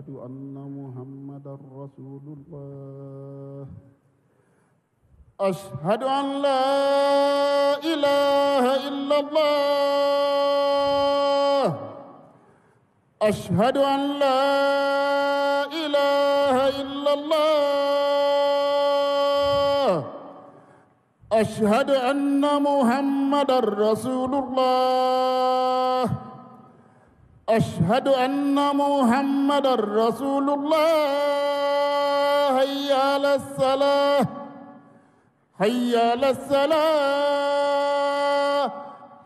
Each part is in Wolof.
أشهد ان محمدا رسول الله اشهد ان لا اله الا الله اشهد ان لا اله الا الله اشهد ان محمدا رسول الله أشهد أن محمد رسول الله حي على هيا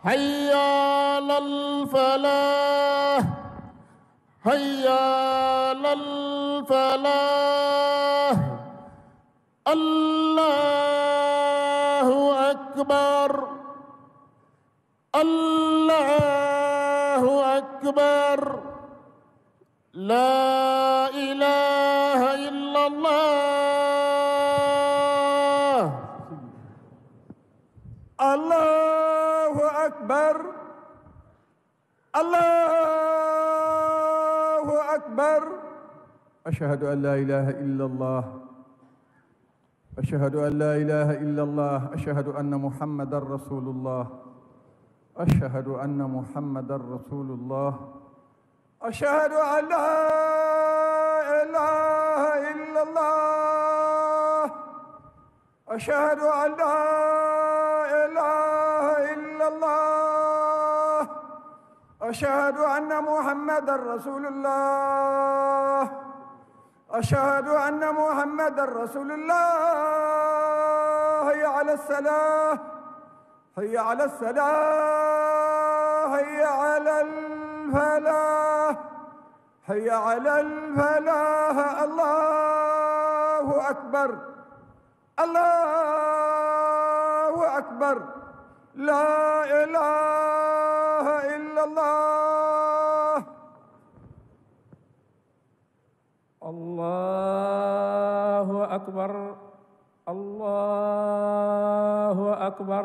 حي على الصلاة حي على الفلاح حي على الفلاح الله أكبر الله أكبر لا إله إلا الله الله أكبر الله أكبر أشهد أن لا إله إلا الله أشهد أن لا إله إلا الله أشهد أن محمدا رسول الله أشهد أن محمدا رسول الله أشهد أن لا إله إلا الله أشهد أن لا إله إلا الله أشهد أن محمدا رسول الله أشهد أن محمدا رسول الله هيا على السلام هيا على السلام حي على الفلاح حي على الفلاح الله أكبر الله أكبر لا إله إلا الله الله أكبر الله أكبر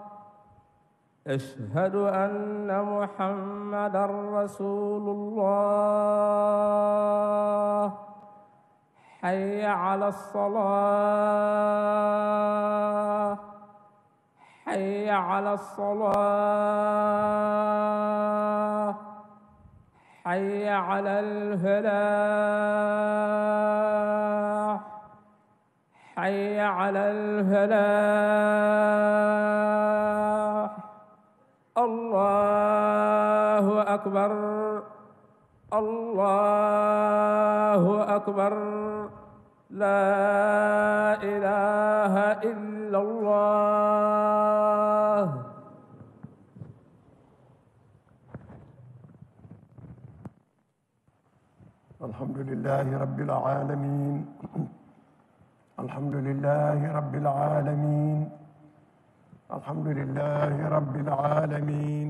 أشهد أن محمد رسول الله حي على الصلاة حي على الصلاة حي على الفلاح حي على الفلاح أكبر الله أكبر لا إله إلا الله الحمد لله رب العالمين الحمد لله رب العالمين الحمد لله رب العالمين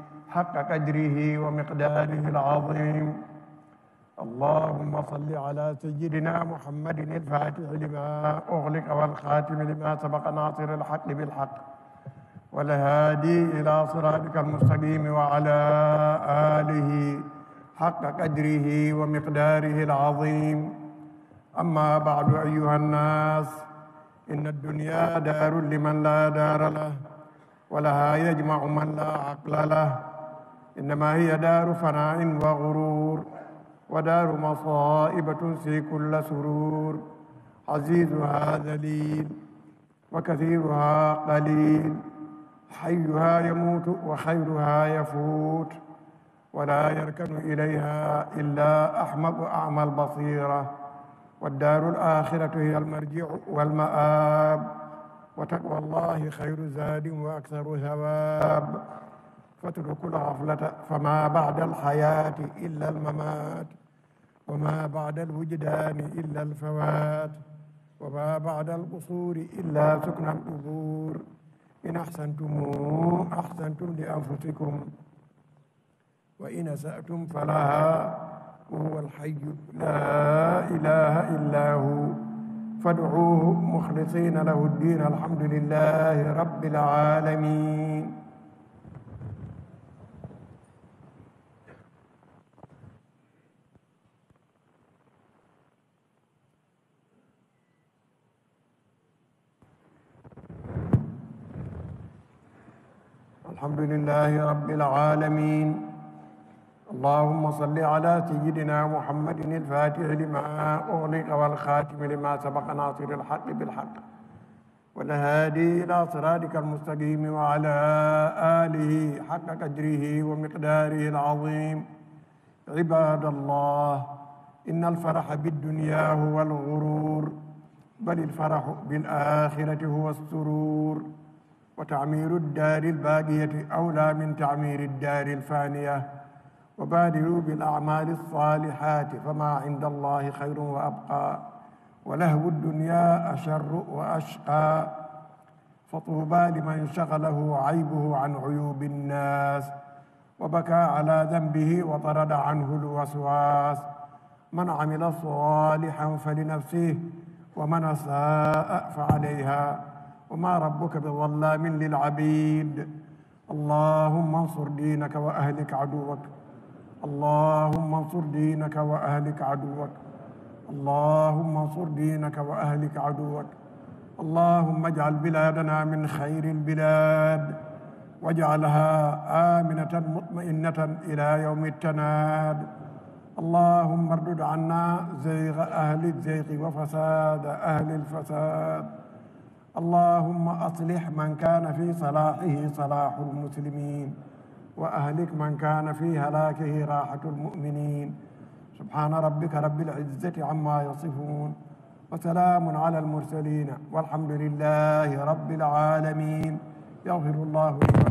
حق قدره ومقداره العظيم اللهم صل على سيدنا محمد الفاتح لما أغلق والخاتم لما سبق ناصر الحق بالحق والهادي إلى صراطك المستقيم وعلى آله حق قدره ومقداره العظيم أما بعد أيها الناس إن الدنيا دار لمن لا دار له ولها يجمع من لا عقل له إنما هي دار فناء وغرور ودار مصائبة في كل سرور عزيزها ذليل وكثيرها قليل حيها يموت وخيرها يفوت ولا يركن إليها إلا أحمق أعمى البصيرة والدار الآخرة هي المرجع والمآب وتقوى الله خير زاد وأكثر ثواب فاتركوا الغفلة فما بعد الحياة إلا الممات وما بعد الوجدان إلا الفوات وما بعد القصور إلا سكن القبور إن أحسنتم أحسنتم لأنفسكم وإن أسأتم فلها وهو الحي لا إله إلا هو فادعوه مخلصين له الدين الحمد لله رب العالمين الحمد لله رب العالمين اللهم صل على سيدنا محمد الفاتح لما أغلق والخاتم لما سبق ناصر الحق بالحق والهادي إلى صراطك المستقيم وعلى آله حق قدره ومقداره العظيم عباد الله إن الفرح بالدنيا هو الغرور بل الفرح بالآخرة هو السرور وتعمير الدار الباقية أولى من تعمير الدار الفانية وبادروا بالأعمال الصالحات فما عند الله خير وأبقى ولهو الدنيا أشر وأشقى فطوبى لمن شغله عيبه عن عيوب الناس وبكى على ذنبه وطرد عنه الوسواس من عمل صالحا فلنفسه ومن أساء فعليها وما ربك بظلام للعبيد اللهم انصر دينك واهلك عدوك اللهم انصر دينك واهلك عدوك اللهم انصر دينك واهلك عدوك اللهم اجعل بلادنا من خير البلاد واجعلها امنه مطمئنه الى يوم التناد اللهم اردد عنا زيغ اهل الزيغ وفساد اهل الفساد اللهم أصلح من كان في صلاحه صلاح المسلمين وأهلك من كان في هلاكه راحة المؤمنين سبحان ربك رب العزة عما يصفون وسلام على المرسلين والحمد لله رب العالمين يغفر الله لمن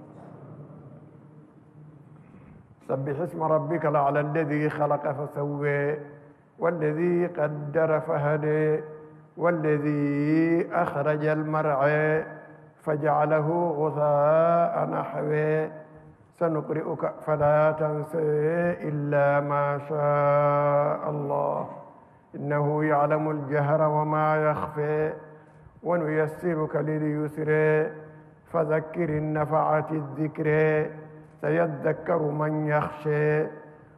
سبح اسم ربك الأعلى الذي خلق فسوي والذي قدر فهدي والذي أخرج المرعى فجعله غثاء نحوى سنقرئك فلا تنسى إلا ما شاء الله إنه يعلم الجهر وما يخفي ونيسرك لليسر فذكر النفعات الذكر سيذكر من يخشى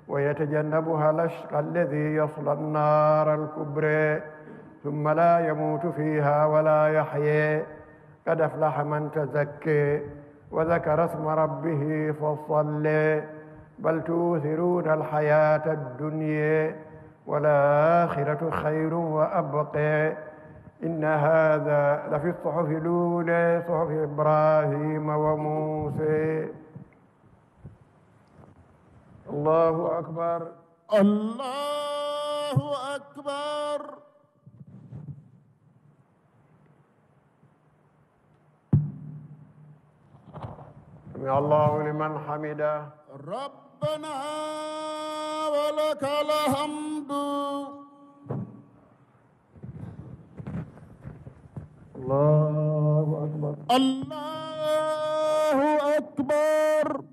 ويتجنبها الأشقى الذي يصلى النار الكبرى ثم لا يموت فيها ولا يحيى قد أفلح من تزكي وذكر اسم ربه فصلى بل توثرون الحياة الدنيا والآخرة خير وأبقى إن هذا لفي الصحف الأولى صحف إبراهيم وموسى Allahu Akbar. Allahu Akbar. Sami Allahu liman Hamida. Rabbana wa hamdu. Allahu Akbar. Allahu Akbar.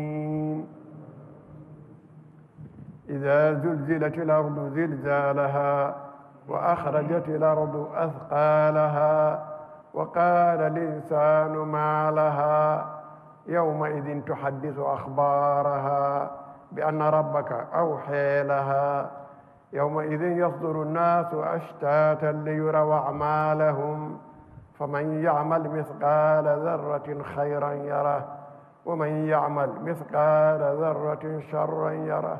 إذا زلزلت الأرض زلزالها وأخرجت الأرض أثقالها وقال الإنسان ما لها يومئذ تحدث أخبارها بأن ربك أوحي لها يومئذ يصدر الناس أشتاتا ليروا أعمالهم فمن يعمل مثقال ذرة خيرا يره ومن يعمل مثقال ذرة شرا يره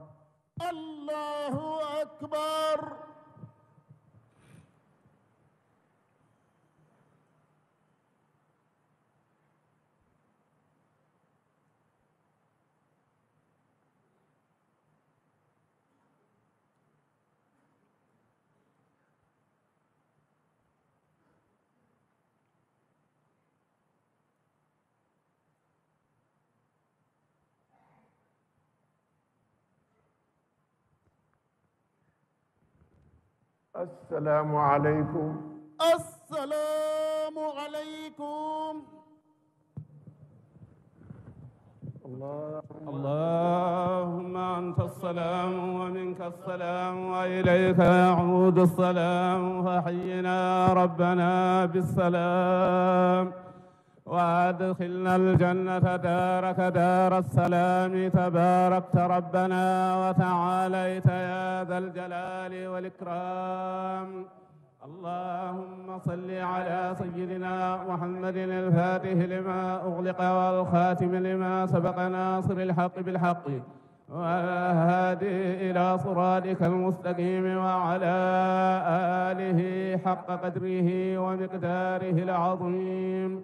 السلام عليكم السلام عليكم اللهم أنت السلام ومنك السلام وإليك يعود السلام فحينا ربنا بالسلام وأدخلنا الجنة دارك دار السلام تباركت ربنا وتعاليت يا ذا الجلال والإكرام اللهم صل على سيدنا محمد الفاتح لما أغلق والخاتم لما سبق ناصر الحق بالحق والهادي إلى صراطك المستقيم وعلى آله حق قدره ومقداره العظيم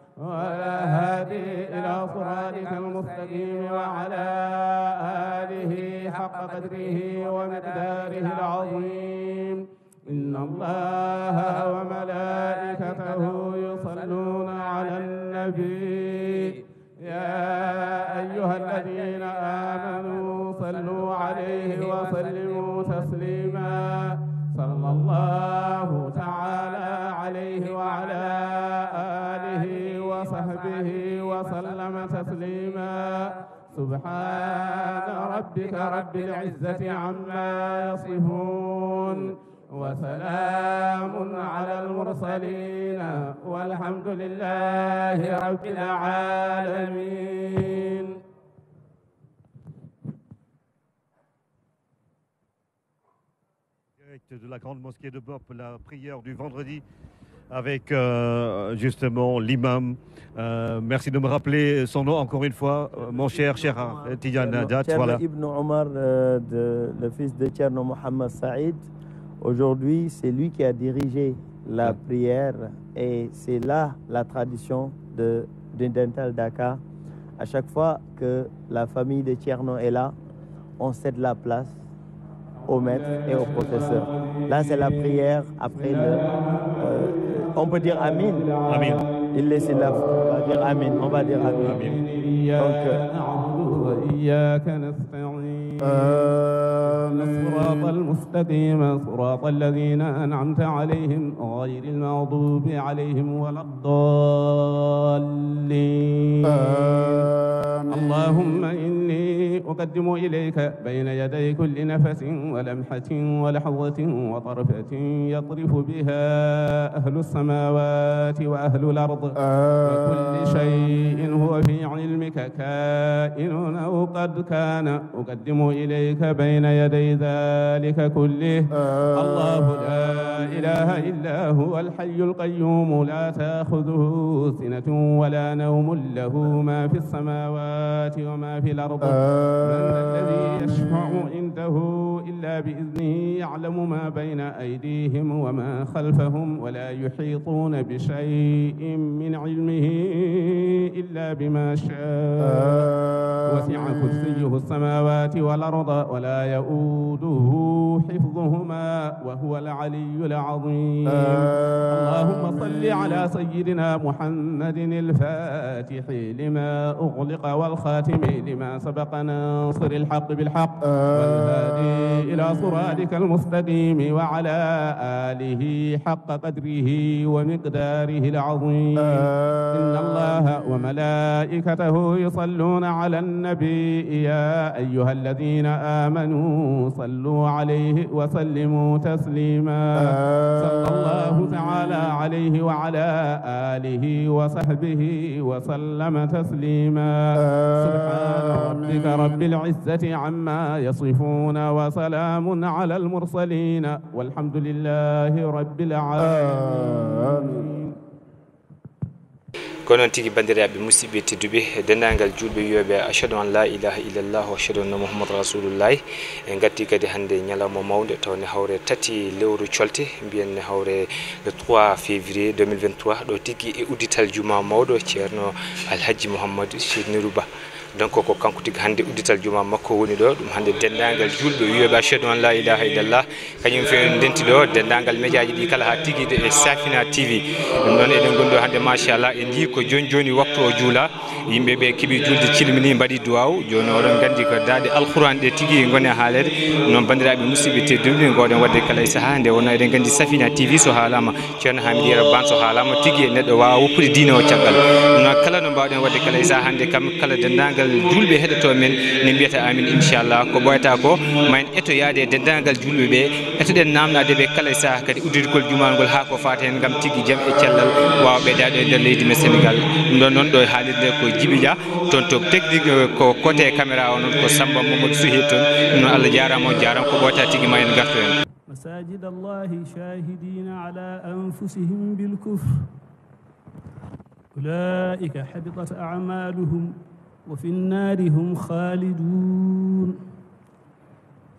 ولا إلى صراطك المستقيم وعلى آله حق قدره ومقداره العظيم إن الله وملائكته يصلون على النبي يا أيها الذين آمنوا صلوا عليه وسلموا تسليما صلى الله وصحبه وسلم تسليما سبحان ربك رب العزة عما يصفون وسلام على المرسلين والحمد لله رب العالمين de la grande mosquée de Bop, la prière du vendredi avec euh, justement l'imam. Euh, merci de me rappeler son nom encore une fois, euh, mon cher, cher Tijan Nadat. Voilà. Ibn Omar, le fils de Tcherno Mohamed Saïd, aujourd'hui, c'est lui qui a dirigé la prière et c'est là la tradition de, de Dakar. À chaque fois que la famille de Tcherno est là, on cède la place au maître et au professeur. Là, c'est la prière après le. Euh, on peut dire Amin. Amin. Il laisse la. On va dire Amin. On va dire Amin. Donc. Euh, الصراط المستقيم صراط الذين أنعمت عليهم غير المغضوب عليهم ولا الضالين اللهم إني أقدم إليك بين يدي كل نفس ولمحة ولحظة وطرفة يطرف بها أهل السماوات وأهل الأرض وكل شيء هو في علمك كائن أو قد كان أقدم إليك بين يدي ذلك كله آه الله لا إله إلا هو الحي القيوم لا تأخذه سنة ولا نوم له ما في السماوات وما في الأرض آه من الذي يشفع عنده إلا بإذنه يعلم ما بين أيديهم وما خلفهم ولا يحيطون بشيء من علمه إلا بما شاء آه. وسع كرسيه السماوات والأرض والأرض ولا يؤوده حفظهما وهو العلي العظيم اللهم صل على سيدنا محمد الفاتح لما أغلق والخاتم لما سبق ناصر الحق بالحق والهادي إلى صراطك المستقيم وعلى آله حق قدره ومقداره العظيم إن الله وملائكته يصلون على النبي يا أيها الذين الذين آمنوا صلوا عليه وسلموا تسليما صلى الله تعالى عليه وعلى آله وصحبه وسلم تسليما سبحان ربك رب العزة عما يصفون وسلام على المرسلين والحمد لله رب العالمين ko noon tigui bandiraɓe musidɓe tedduɓe e dendagal julɓe wiyoɓe achadu an la ilaha illallah achadu anna mouhamadou rasulullahi en gatti kadi hande ñalawma mawde tawne hawre tati lewru colte mbiyen hawre le 3 février 2023 ɗo tigui e uddital juma mawɗo ceerno alhaji mouhamadou cheikh nirouba donc ko kanko tigi hannde udditel juma makko woni ɗo ɗum hannde denndaangal julɓe wiyoɓe achadu an la ilaha illallah kañum fe ndenti ɗo denndaangal média ji ɗi kala ha tigiɗe e safina tv ɗum noon eɗen gonɗi hannde machallah en yii ko joni joni waktu o juula yimɓe ɓe keeɓi julde cilmini mbaɗi duwaw joni oɗon gandi ko daade alquran ɗe tigi goni haalede noon bandiraɓe musidɓe teddumɗe gowɗen wadde kala e saaha nde wonno eɗen gandi safina tv so haalama ceerno hamid yero ban so haalama tigi e neɗɗo wawa woppude diine o caggal ɗum noon kala no mbawɗen wadde kala e saaha hande kam kala denndaangal dendagal julɓe heɗoto men ne mbiyata amin inchallah ko ɓoyata ko ma en ettoyaade dendagal julɓe ɓe ettoɗen namdade ɓe kala e saha kadi udditkol jumangol ha ko fata hen gam tigui jaam e cellal wawa ɓeydade e nder leydi men sénégal ɗum ɗon noon ɗo e haalirde ko djibidia toon to technique eh, ko coté caméra o noon ko samba momodo suhir e toon ɗum noon allah jarama o jarama ko ɓoyata tigui ma en gartu hen مساجد الله شاهدين على أنفسهم بالكفر أولئك حبطت أعمالهم وفي النار هم خالدون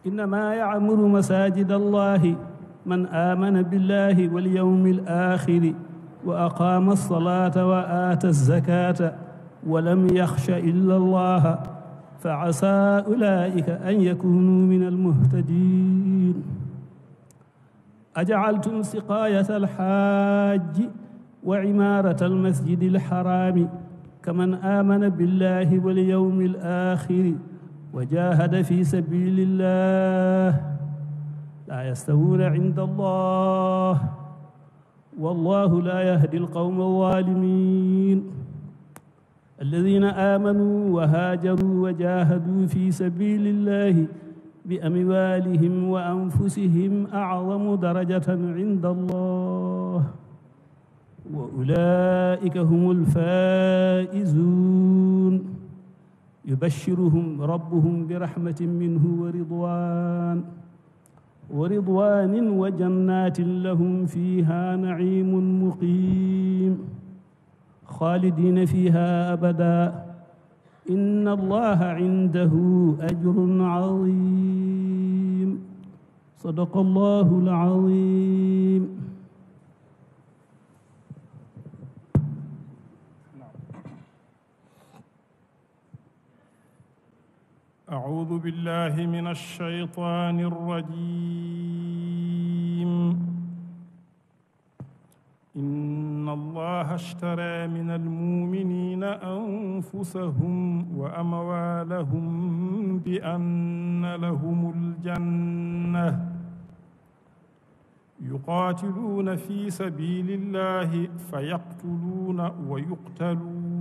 إنما يعمر مساجد الله من آمن بالله واليوم الآخر وأقام الصلاة وآتى الزكاة ولم يخش إلا الله فعسى أولئك أن يكونوا من المهتدين أجعلتم سقاية الحاج وعمارة المسجد الحرام كمن آمن بالله واليوم الآخر وجاهد في سبيل الله لا يستوون عند الله والله لا يهدي القوم الظالمين الذين آمنوا وهاجروا وجاهدوا في سبيل الله بأموالهم وأنفسهم أعظم درجة عند الله وأولئك هم الفائزون يبشرهم ربهم برحمة منه ورضوان ورضوان وجنات لهم فيها نعيم مقيم خالدين فيها أبدا إن الله عنده أجر عظيم صدق الله العظيم أعوذ بالله من الشيطان الرجيم إن الله اشترى من المؤمنين أنفسهم وأموالهم بأن لهم الجنة يقاتلون في سبيل الله فيقتلون ويقتلون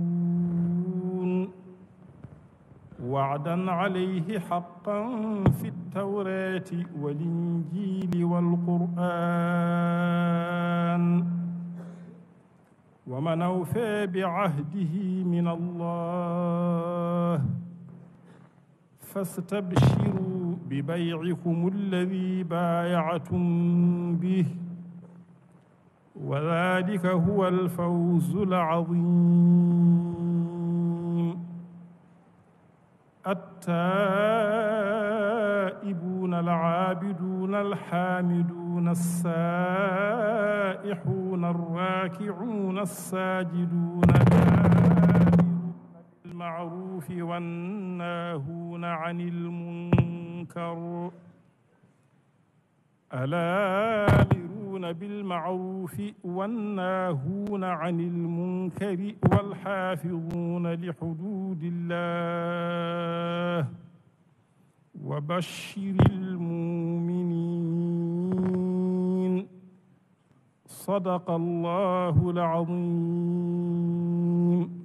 وعدا عليه حقا في التوراة والإنجيل والقرآن ومن أوفى بعهده من الله فاستبشروا ببيعكم الذي بايعتم به وذلك هو الفوز العظيم التائبون العابدون الحامدون السائحون الراكعون الساجدون بالمعروف والناهون عن المنكر ألا لرؤى يأمرون بالمعروف والناهون عن المنكر والحافظون لحدود الله وبشر المؤمنين صدق الله العظيم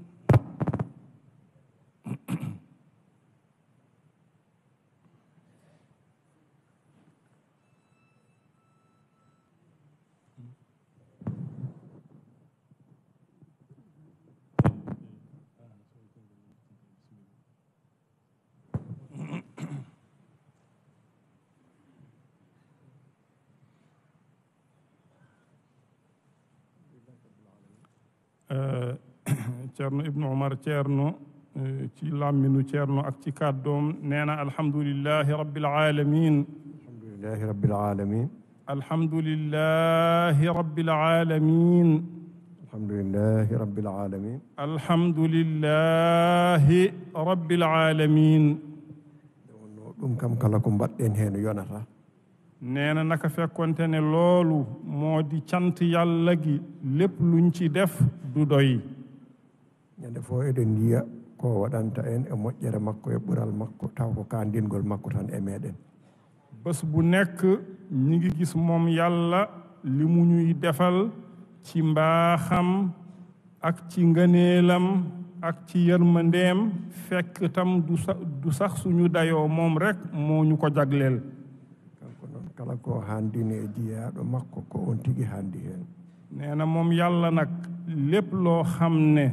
آه، تيرنو ابن عمر تيرنو آه، تي لامينو تيرنو اك تي كادوم نينا الحمد لله رب العالمين الحمد لله رب العالمين الحمد لله رب العالمين الحمد لله رب العالمين الحمد لله رب العالمين neena naka fekkonte ne loolu moo di cant yàlla gi lépp luñ ci def du doy ñande fof eɗen ndiya ko waɗanta en e moƴƴere makko e ɓural makko taw ko kandingol makko tan e meɗen bés bu nekk ñi ngi gis moom yàlla li ñuy defal ci mbaaxam ak ci ngëneelam ak ci yërmandeem fekk tam du sax suñu dayoo moom rek moo ñu ko kala ko haandini e jeyaaɗo makko ko on tigi haandi heen neena moom yalla nag lépp loo xam ne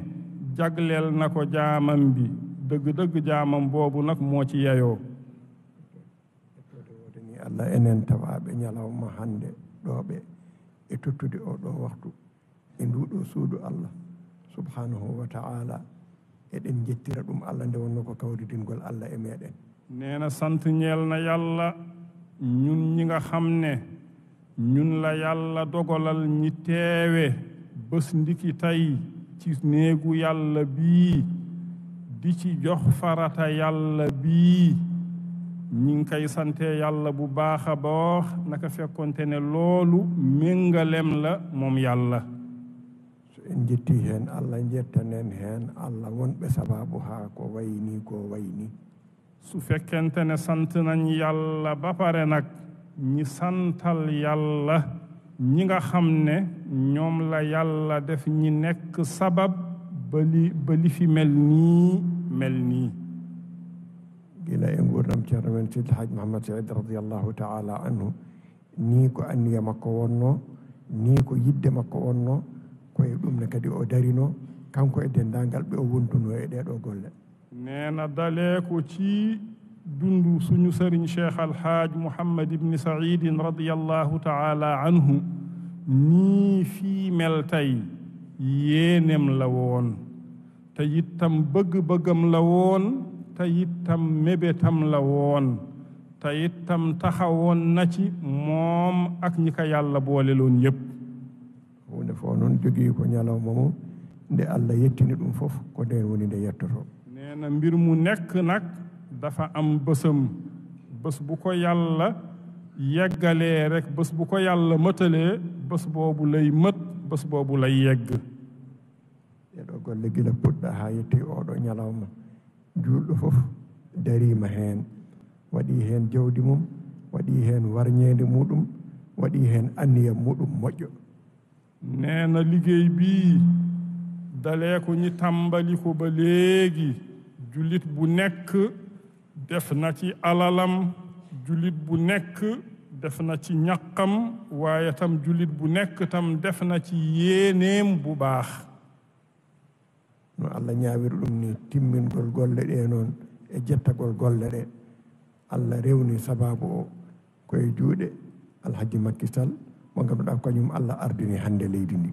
jagleel na ko jaamam bi dëgg dëgg jaamam boobu nag moo ci yeyoo wode ni allah enen tawaaɓe ñalawma hannde ɗooɓe e tottude o ɗoo waxtu e nduuɗoo suudu allah subhanahu wa taala eɗen njettira ɗum allah nde wonno ko kawridingol allah e meeɗen neena sant ñeel na yalla ñun ñi nga xam ne ñun la yàlla dogalal ñi teewe bés ndiki tey ci néegu yàlla bii di ci jox farata yàlla bii ñi ngi koy santee yàlla bu baax a boox naka fekkonte ne loolu méngaleem la moom yàlla su en njëtti heen allah njettaneen heen allah won ɓe sababu haa ko way nii ko way nii su fekkente ne sant nañ yàlla ba pare nag ñi santal yàlla ñi nga xam ne ñoom la yàlla def ñi nekk sabab ba li ba li fi mel nii mel nii gila nguurnam ceerno men Seydi Haj Mahamad Saïd radiallahu taala anhu nii ko anniya ko wonno nii ko yidde makko wonno koye ɗum ne kadi o darino kanko e dendangal ɓe o wontuno e ɗeeɗoo golle نانا داليكو تي دوندو سونو سيرن شيخ الحاج محمد بن سعيد رضي الله تعالى عنه ني في ملتاي يينم لا وون تايتام بغ بغم لا وون تايتام ميبتام لا وون تايتام تخاوون ناتي موم اك نيكا يالا بوليلون ييب ونفونون جوغي كو نيالو مومو دي الله يتيني دوم فوف كو دير وني دي يتتو neena mbir mu nekk nag dafa am bësam bës bu ko yàlla yeggalee rek bës bu ko yàlla mëtalee bës boobu lay mët bës boobu lay yegg eɗo golle gila puɗɗa haa yetti oɗo ñalawma juulɗo fof dariima heen waɗii heen jawdi mum waɗii heen warñeende muɗum waɗii heen anniya muɗum moƴƴo neena liggéey bii dalee ko ñi tambaliko ba léegi julit bu nek def na ci alalam julit bu nek def na ci ñakam waye tam julit bu nek tam def na ci yeneem bu baax no allah ñaawiri lu ni gol golle de non e gol golle de allah rewni sababu koy juude alhaji makkisal mo ngam allah ardini hande leydi ndi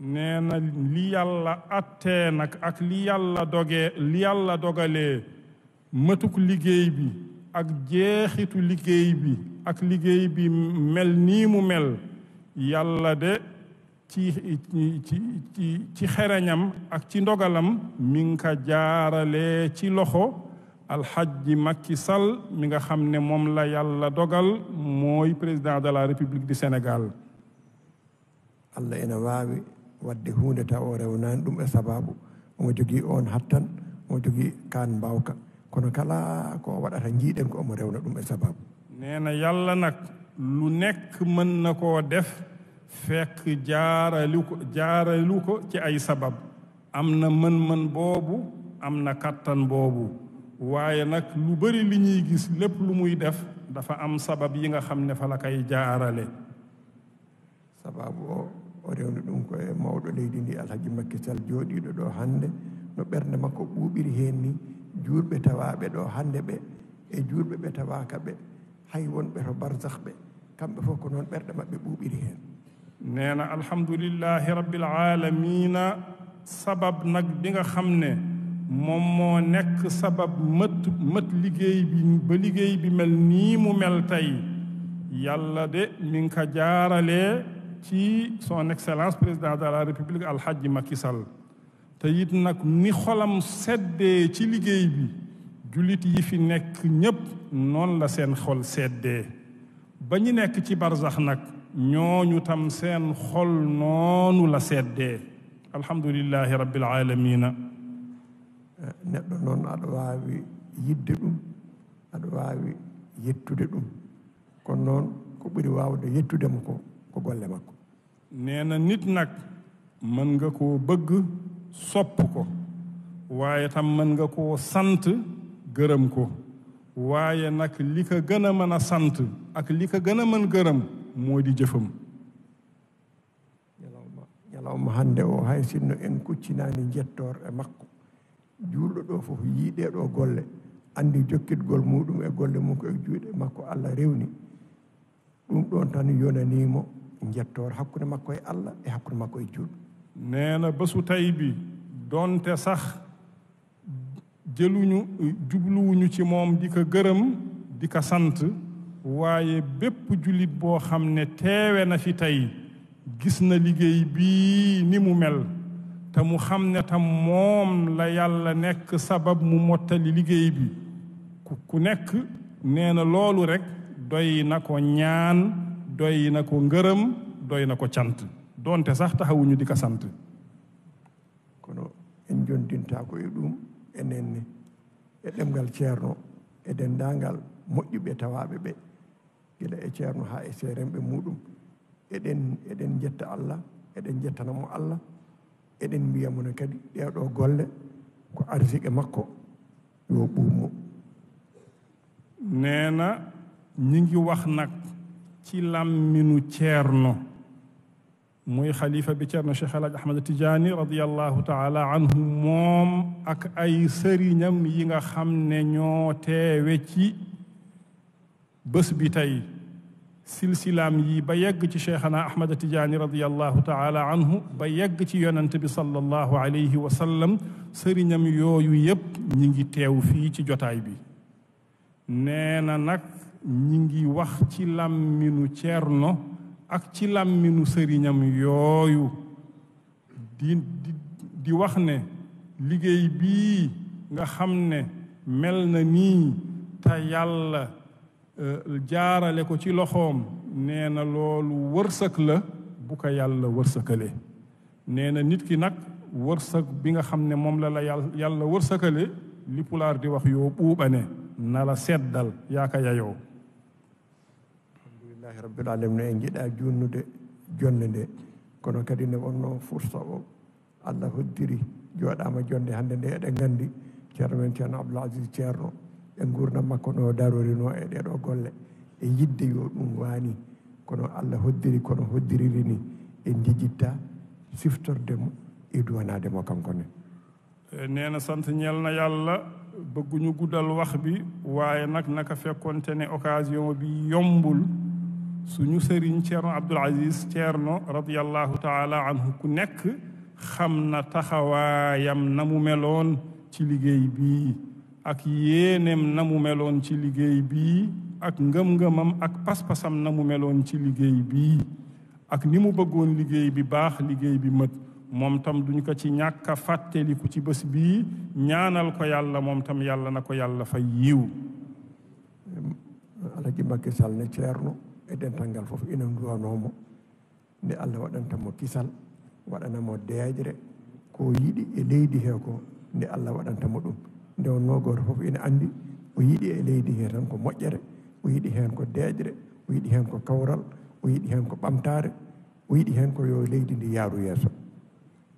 nee na li yàlla attee nag ak li yàlla dogee li yàlla dogalee mëtuk liggéey bi ak jeexitu liggéey bi ak liggéey bi mel nii mu mel yàlla de ci ci ci ci xereñam ak ci ndogalam mi ko jaaralee ci loxo alxajji Macky sal mi nga xam ne moom la yàlla dogal mooy président de la république du Sénégal wadde hunde taw o rewnani ɗum e sababu omo jogi on hattan omo jogi kan mbawka kono kala ko waɗata jiiɗen ko omo rewna ɗum e sababu nee na nak lu nekk manna ko def fekk jaaralu ko ko ci ay sabab am na mën-mën boobu am na kattan boobu waaye nak lu bari li ñuy gis lépp lu muy def dafa am sabab yi nga xam ne fa la kay jaarale sababu o rewni ɗum koye mawɗo leydi ndi alhaji makkisal jooɗiɗo ɗo hannde no ɓernde makko ɓuuɓiri heen ni juurɓe tawaaɓe ɗo hannde ɓe e juurɓe ɓe tawaaka ɓe hay wonɓe to barzah ɓe kamɓe fof ko noon ɓerɗe maɓɓe ɓuuɓiri heen neena alhamdulillahi rabbil alamina sabab nag bi nga xam ne moom moo nekk sabab mët mët liggéey bi ba liggéey bi mel nii mu mel tay yàlla de min ka jaaralee ci son excellence président de la république alxaaji Macky Sall te yit nak ni xolam sedde ci liggéey bi julit yi fi nek ñep non la sen xol sedde ba ñi nek ci barzakh nak ñoñu tam sen xol nonu la sedde alhamdulillahi rabbil alamin neddo non aɗa yidde dum aɗa yettude dum kon non ko buri waawde yettude mako ko golle makko nee na nit nag mën nga koo bëgg sopp ko waaye tam mën nga koo sant gërëm ko waaye nag li ko gën a mën a sant ak li ko gën a mën gërëm moo di jëfam ñalawma ñalawma hannde oo hay sinno en kuccinaani njettoor e makko juulɗo ɗoo fof yiiɗee ɗoo golle anndi jokkitgol muɗum e golle mum ko e juuɗe makko allah rewni ɗum ɗoon tan yonaniimo njettoore hakkunde makko e allah e hakkunde makko e juulɗo nee na bésu tey bi doonte sax jëluñu jubluwuñu ci moom di ko gërëm di ko sant waaye bépp jullit boo xam ne teewe na fi tey gis na liggéey bii ni mu mel te mu xam ne tam moom la yàlla nekk sabab mu mottali liggéey bi ku nekk nee na loolu rek doy na ko ñaan doyna ko ngërëm doyna ko cant donte sax taxa wuñu di ka sant kono en jondintaako e ɗum enenne e ɗemngal ceerno e denndaangal moƴƴuɓe tawaaɓe ɓe gila e ceerno haa e seeremɓe muɗum eɗen eɗen jetta allah eɗen jettana mo allah eɗen mbiyamono kadi ɗeeɗo golle ko arsiɓe makko yo ɓuumo neena ñi ngi wax nag ci làmminu ceerno muy xalifa bi ceerno cheikh alaaj ahmad tijani radiallahu taala anhu moom ak ay sëriñam yi nga xam ne ñoo teewe ci bés bi tey silsilaam yi ba yegg ci cheikhana ahmad tijani radiallahu taala anhu ba yegg ci yonent bi sallallahu alayhi wa sallam sëriñam yooyu yépp ñi ngi teew fii ci jotaay bi nee na ñi ngi wax ci làmminu Ceerno ak ci làmminu sëriñam yooyu di di wax ne liggéey bii nga xam ne mel na nii te yàlla e, jaarale ko ci loxoom nee na loolu wërsëg la bu ko yàlla wërsëkale nee na nit ki nag wërsëg bi nga xam ne moom la la yàlla wërsëkale li pulaar di wax yoo buubane na la seddal yaa ko yayoo lillahi rabbil alamina en jiiɗa junnude jonde nde kono kadi ne wonno fursa o allah hoddiri jooɗama jonde hande nde eɗen gandi ceerno men ceerno abdoul asis ceerno e gurdam makko no darori no e ɗeɗo golle e yidde yo ɗum waani kono allah hoddiri kono hoddiriri ni en jijitta siftordemo idowanademo kankone e, e nena e sant ñalna yallah bëggu ñu guddal wax bi waaye nag naka fekkontene occasion bi yombul suñu sëriñ Ceerno Abdul Aziz Ceerno radiyallahu taala anhu ku nekk xam na taxawaayam na mu meloon ci liggéey bi ak yéeneem na mu meloon ci liggéey bii ak ngëm-ngëmam ak pas-pasam na mu meloon ci liggéey bi ak ni mu bëggoon liggéey bi baax liggéey bi mët moom tam duñ ko ci ñàkk fàtteliku ci bés bi ñaanal ko yàlla moom tam yàlla na ko yàlla fa yiw Alaaji Mbàkke Sàll ne Ceerno e dental ngal fof ina duwanomo nde allah waɗantamo kisal waɗanamo deyaƴre ko yiɗi e leydi he ko nde allah waɗantamo ɗum nde wonno goto fof ina andi o yiɗi e leydi he tan ko moƴƴere o yiɗi hen ko deƴre o yiɗi hen ko kawral o yiɗi hen ko ɓamtare o yiɗi hen ko yo leydi ndi yaaru yesso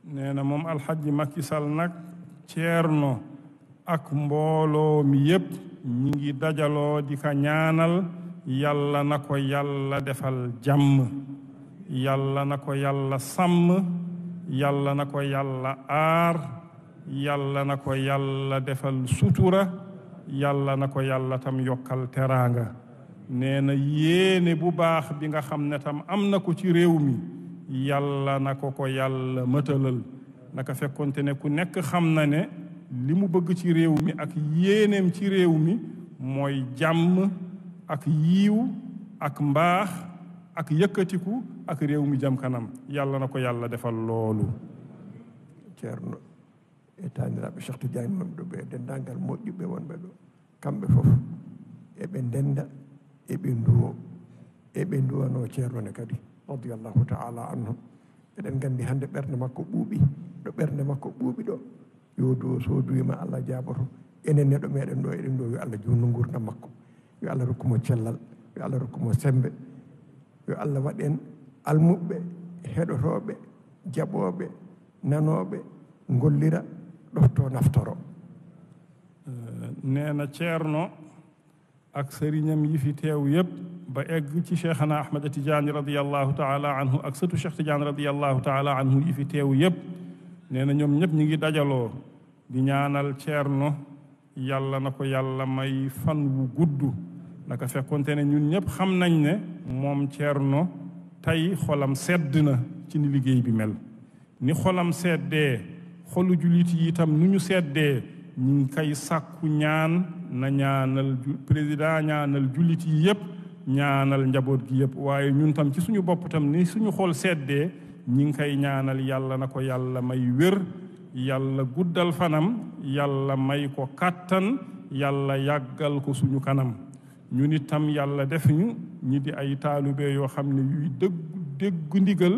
nena moom alhaji makkisal nak ceerno ak mboolo mi yeb ñingi dajalo di ka ñaanal yàlla na ko yàlla defal jàmm yàlla na ko yàlla sàmm yàlla na ko yàlla aar yàlla na ko yàlla defal sutura yàlla na ko yàlla tam yokkal teraanga nee na yéene bu baax bi nga xam ne tam am na ko ci réew mi yàlla na ko ko yàlla mëtalal naka fekkonte ne ku nekk xam na ne li mu bëgg ci réew mi ak yéeneem ci réew mi mooy jàmm ak yiiw ak mbaax ak yëkkatiku ak réew mi jam kanam yàlla na ko yàlla defal loolu ceerno etaniraɓe chekhtu diagne mam ɗo ɓe dendangal moƴƴuɓe wonɓe ɗo kamɓe fof eɓe ndenda eɓe nduwo eɓe nduwano ceernone kadi radiallahu taala anhum eɗen nganndi hannde ɓernde makko ɓuuɓi ɗo ɓernde makko ɓuuɓi ɗo yo duwo so duwima allah jaaboto enen neɗo meɗen ɗo eɗen ɗo yo allah juutno nguurdam makko yo allah rokkumo cellal yo allah rokkumo sembe yo allah waɗ en almuɓɓe heɗotoɓe jaɓoɓe nanoɓe gollira ɗofto naftoro neena ceerno ak sëriñam yi fi teew yépp ba egg ci cheikhana ahmad tijaani radiallahu taala anhu ak sëtu cheikh tijaani radiallahu taala anhu yi fi teew yépp nee na ñoom ñépp ñu ngi dajaloo di ñaanal ceerno yàlla na ko yàlla may fan wu gudd naka fekkonte ne ñun ñëpp xam nañ ne moom Thierno tey xolam sedd na ci ni liggéey bi mel ni xolam seddee xolu jullit yi itam nu ñu seddee ñu ngi kay sàkku ñaan na ñaanal président ñaanal jullit yi yëpp ñaanal njaboot gi yëpp waaye ñun tam ci suñu bopp tam ni suñu xol seddee ñi ngi kay ñaanal yàlla na ko yàlla may wér yàlla guddal fanam yàlla may ko kàttan yàlla yàggal ko suñu kanam ñu ni tam yàlla def ñu ñi di ay taalube yoo xam ne yuy dëgg déggu ndigal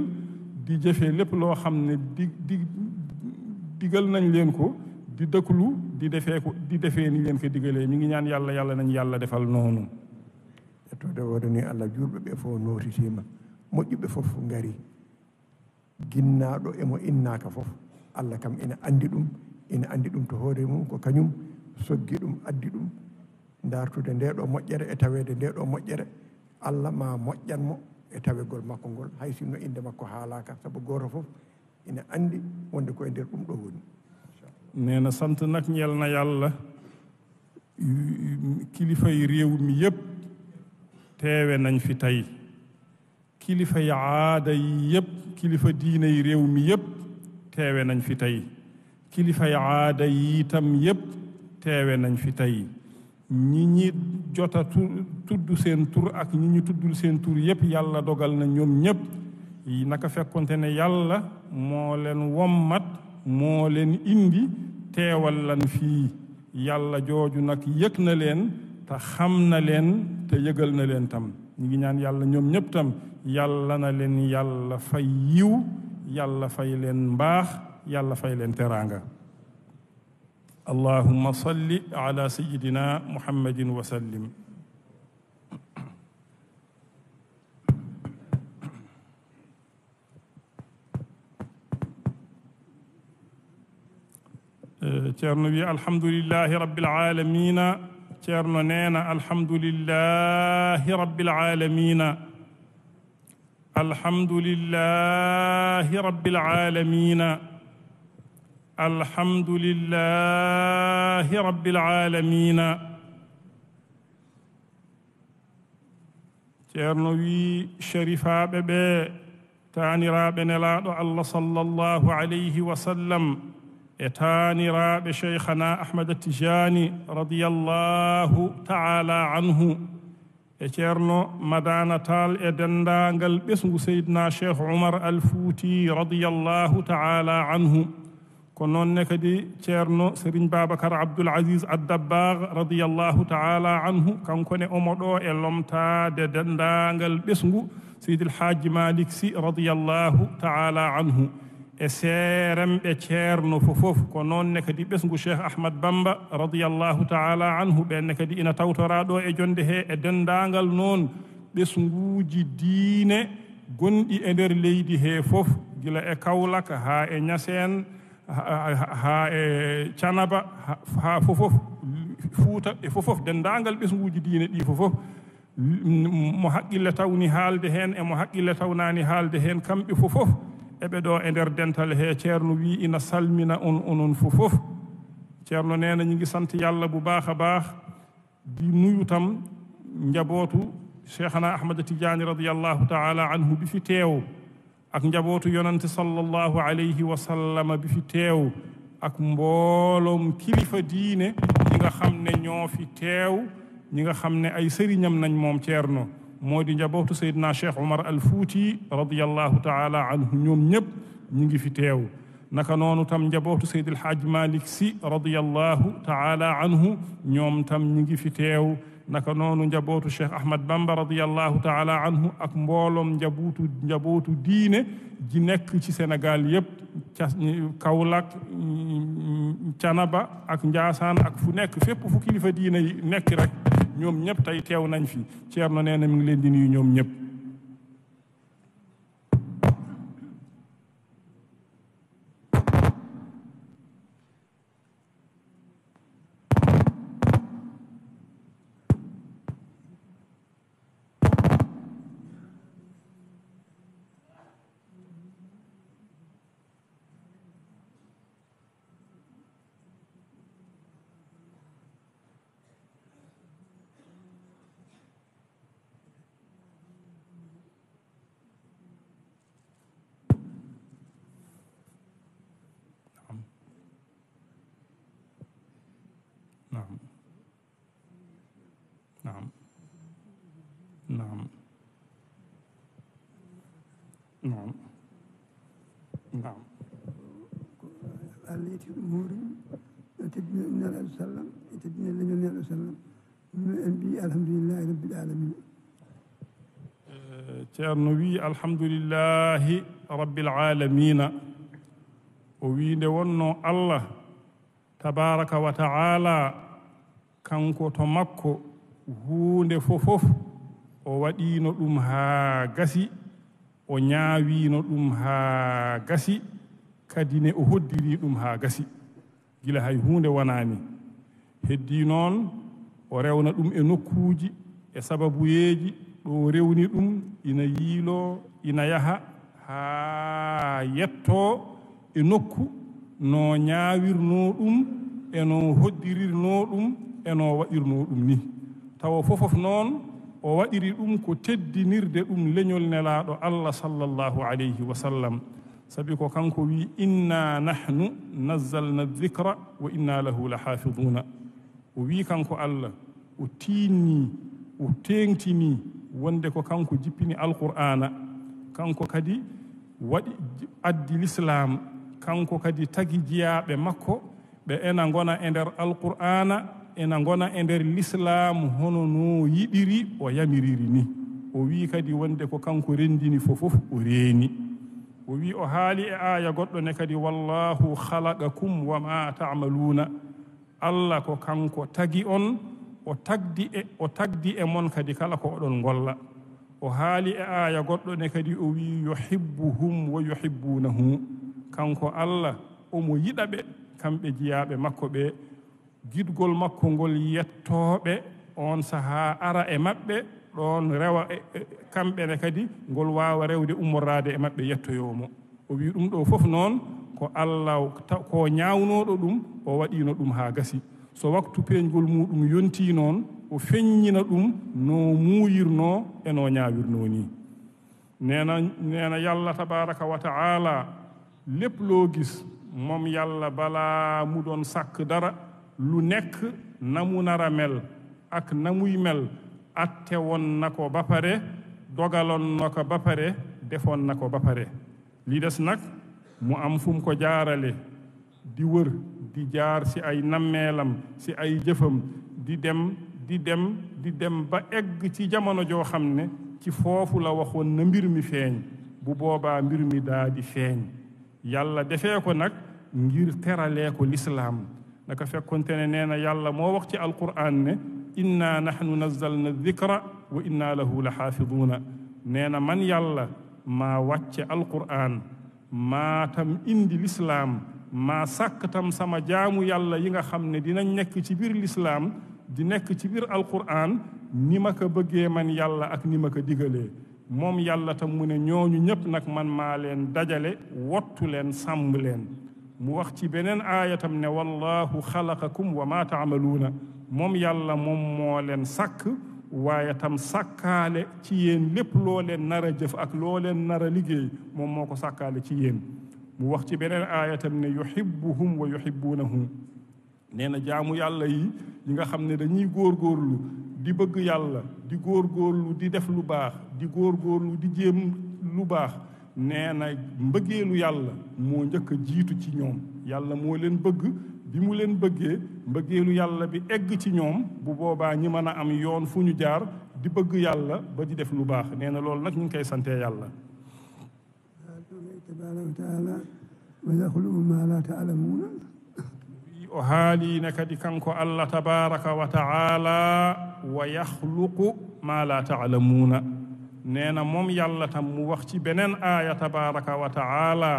di jëfe lépp loo xam ne di di digal nañ leen ko di dëkklu di defee ko di defee ni leen ko digalee ñu ngi ñaan yàlla yàlla nañ yàlla defal noonu de woode ni allah juulɓe ɓee fof nootitiima moƴƴuɓe fof ngari ginnaaɗo emo innaaka fof allah kam ina anndi ɗum ina anndi ɗum to hoore mum ko kañum soggi ɗum addi ɗum ndartude nde ɗo moƴƴere e tawede nde ɗo moƴƴere allah ma moƴƴanmo e tawegol makko ngol hay sinno inde makko haalaka saabu goto fof ina andi wonde koye nder ɗum ɗo woni nena santanak ñelna yallah kilifay rewmi yeb teewe nañ fi tay kilifay aada yeb kilifa diinay rewmi yeb teewe nañ fi tay kilifay aada yitam yeb teewe nañ fi tayi ñi ñi jot a tudd seen tur ak ñi ñu tudd seen tur yépp yàlla dogal na ñoom ñépp naka fekkonte ne yàlla moo leen wommat moo leen indi teewal lan fii yàlla jooju nag yëg na leen te xam na leen te yëgal na leen tam ñu ngi ñaan yàlla ñoom ñépp tam yàlla na leen yàlla fay yiw yàlla fay leen mbaax yàlla fay leen teraanga اللهم صل على سيدنا محمد وسلم تيرنو الحمد لله رب العالمين تيرنو نينا الحمد لله رب العالمين الحمد لله رب العالمين, الحمد لله رب العالمين الحمد لله رب العالمين ceerno wii sharifaaɓe ɓe taaniraaɓe nelaaɗo allah sallllahu alayhi wa sallam e taaniraaɓe cheikhana ahmada tijani radiallahu taala anhu e ceerno madanatal e denndaangal ɓesngu seydna cheikh oumar alfouti radiallahu taala anhu ko noonne kadi ceerno sérigne babacar abdoul asise addabbar radiallahu taala anhu kankone omo ɗo e lomtaade denndaangal ɓesngu seydil haaji malik si radiallahu taala anhu e seeremɓe ceerno fo fof ko noonne kadi ɓesngu cheikh ahmad bamba radiallahu taala anhu ɓenne kadi ina tawtoraa ɗo e jonde hee e denndaangal noon ɓesnguuji diine gonɗi e ndeer leydi hee fof gila e kawlak haa e ñaseen ha e canaba ha fofof fuuta e fofof denndaangal ɓesnguuji diine ɗi fofof mo haqqille tawni haalde heen emo haqqille tawnaani haalde heen kamɓe fofof eɓe ɗo e ndeer dental hee ceerno wii ina salmina on onon fofof ceerno neena ñi ngi sant yàlla bu baax a baax di nuyu tam njabootu cheikhana ahmada tidiani radiallahu taala anhu bi fi teew ak njabootu yonante sallallahu alayhi wa sallam bi fi teew ak mbooloom kilifa diine ñi nga xam ne ñoo fi teew ñi nga xam ne ay sëriñam nañ moom ceerno moo di njabootu sayidna cheikh omar al fouti radiallahu taala anhu ñoom ñëpp ñi ngi fi teew naka noonu tam njabootu sayid alhaaj malik si radiallahu taala anhu ñoom tam ñi ngi fi teew naka nonu njabootu cheikh ahmad bamba radiyallahu taala anhu ak mbolom njabootu njabootu diine ji nek ci sénégal yeb kaoulak tianaba ak njaasaan ak fu nek fépp fu kilifa diine nek rek ñom ñep tay tew nañ fi cierno neena mi ngi leen di nuyu ñom ñep نعم نعم اللي تمور تبني النبي صلى الله عليه وسلم تبني النبي صلى الله عليه وسلم الحمد لله رب العالمين أه، تير نوي الحمد لله رب العالمين ووينده ونو الله تبارك وتعالى كانكو تمكو هونده فوفوف o waɗino ɗum haa gasi o ñaawiino ɗum haa gasi kadi ne o hoddirii ɗum haa gasi gila hay huunde wonaani heddii noon o rewna ɗum e nokkuuji e sababuyeeji ɗo o rewni ɗum ina yiiloo ina yaha haa yettoo e nokku no ñaawirnoo ɗum e no hoddirirnoo ɗum e no waɗirnoo ɗum ni tawa fofof noon o waɗiri ɗum ko teddinirde ɗum leñol nelaaɗo allah sallllahu alayhi wa sallam sabi ko kanko wii inna nahnu nazzalna dicra wa inna lahu la hafiduna o wii kanko allah o tiinnii o teentinii wonde ko kanko jippini alqur'ana kanko kadi waɗi addi l'islam kanko kadi tagi jiyaaɓe makko ɓe ena ngona e nder alqur'ana ena gona e nder l'islam hono no yiɗiri o yamiriri ni o wii kadi wonde ko kanko rendini fo fof o reeni o wii o haali e aaya goɗɗo ne kadi wallahu halaqakum wa ma tamaluna allah ko kanko tagi on o tagdi e o tagdi e mon kadi kala ko oɗon golla o haali e aaya goɗɗo ne kadi o wii yuhibbuhum wa yuhibbunahu kanko allah omo yiɗa ɓe kamɓe jiyaaɓe makko ɓe giɗgol makko ngol yettooɓe oon sahaa ara e maɓɓe ɗoon rewa e, e, kamɓene kadi ngol waawa rewde ummorraade e maɓɓe yettoyoo mo o wii ɗum ɗo fof noon ko allah ko ñaawnooɗo ɗum o waɗiino ɗum haa gasi so waktu peeñgol muɗum yontii noon o feññina ɗum no muuyirnoo e no ñaawirnoo nii neena neena yallah tabaraka wa taala lepp loo gis mom yallah balaa mudon sakk dara lu nekk na mu nar a mel ak na muy mel atte woon na ko ba dogaloon na ko ba pare defoon na ko ba pare li des nag mu am fum ko jaarale di wër di jaar ci ay nammeelam ci ay jëfam di dem di dem di dem ba egg ci jamono joo xam ne ci foofu la waxoon na mbir mi feeñ bu boobaa mbir mi daa di feeñ yàlla defee ko nag ngir teralee ko lislaam naka fekkonte ne nee na yàlla moo wax ci alquran ne inna nahnu nazzalna dikra wa inna lahu la xaafiduuna nee na man yàlla maa wàcce alquran maa tam indi lislaam maa sàkk tam sama jaamu yàlla yi nga xam ne dinañ nekk ci biir lislaam di nekk ci biir alquran ni ma ko bëggee man yàlla ak ni ma ko digalee moom yàlla tam mu ne ñooñu ñépp nag man maa leen dajale wottu leen sàmm leen mu wax ci beneen aayatam ne wallahu xalaqakum wa maa taamaluuna moom yàlla moom moo leen sàkk waaye tam sàkkaale ci yéen lépp loo leen nar jëf ak loo leen nar a liggéey moom moo ci yéen mu wax ci beneen aayatam ne yuhibbuhum wa yuhibbuunahu nee na jaamu yàlla yi yi nga xam ne dañuy góorgóorlu di bëgg yàlla di góorgóorlu di def lu baax di góorgóorlu di jem lu baax neena mbëggeelu yàlla moo njëkk a jiitu ci ñoom yàlla moo leen bëgg bi mu leen bëggee mbëggeelu yàlla bi egg ci ñoom bu boobaa ñi mën a am yoon fu ñu jaar di bëgg yàlla ba di def lu baax nee na loolu nag ñu ngi koy santee yàlla o haaliina kadi kanko allah tabaraka wa taala wa yaxluqu maa laa taalamuuna nee na moom yàlla tam mu wax ci beneen aaya tabaraka wa taala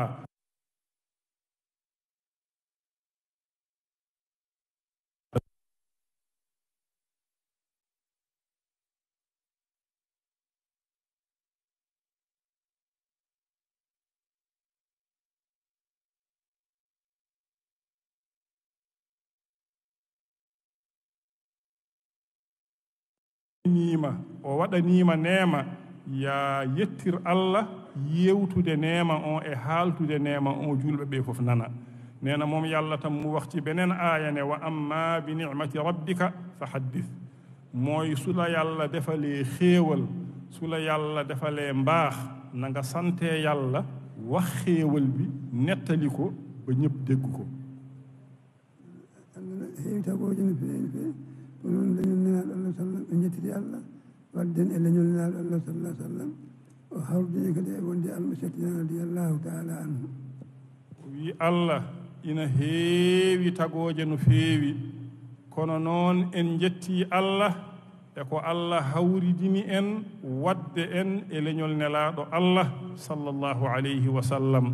niima o waɗaniima neema ya yettir allah yewtude neema on e haaltude neema on julɓe ɓe fof nana nee na moom yàlla tam mu wax ci beneen aaya ne wa amma bi nicmati rabbika fa haddis mooy su la yàlla defalee xéewal su la yàlla defalee mbaax na nga santee yàlla wax xéewal bi nettali ko ba ñëpp dégg ko heewi tagooji no feewi no feewi ko noon dañum nenaaɗo allah sallam ɓe jettiri allah ردين إلى نبينا الله صلى الله عليه وسلم وحرجين كده وندي المشتين رضي الله تعالى عنه وي الله إن هيوي تقوج نفيوي كنا نون إن جتي الله يكو الله هوري ديني إن ود إن إلى نبينا الله صلى الله عليه وسلم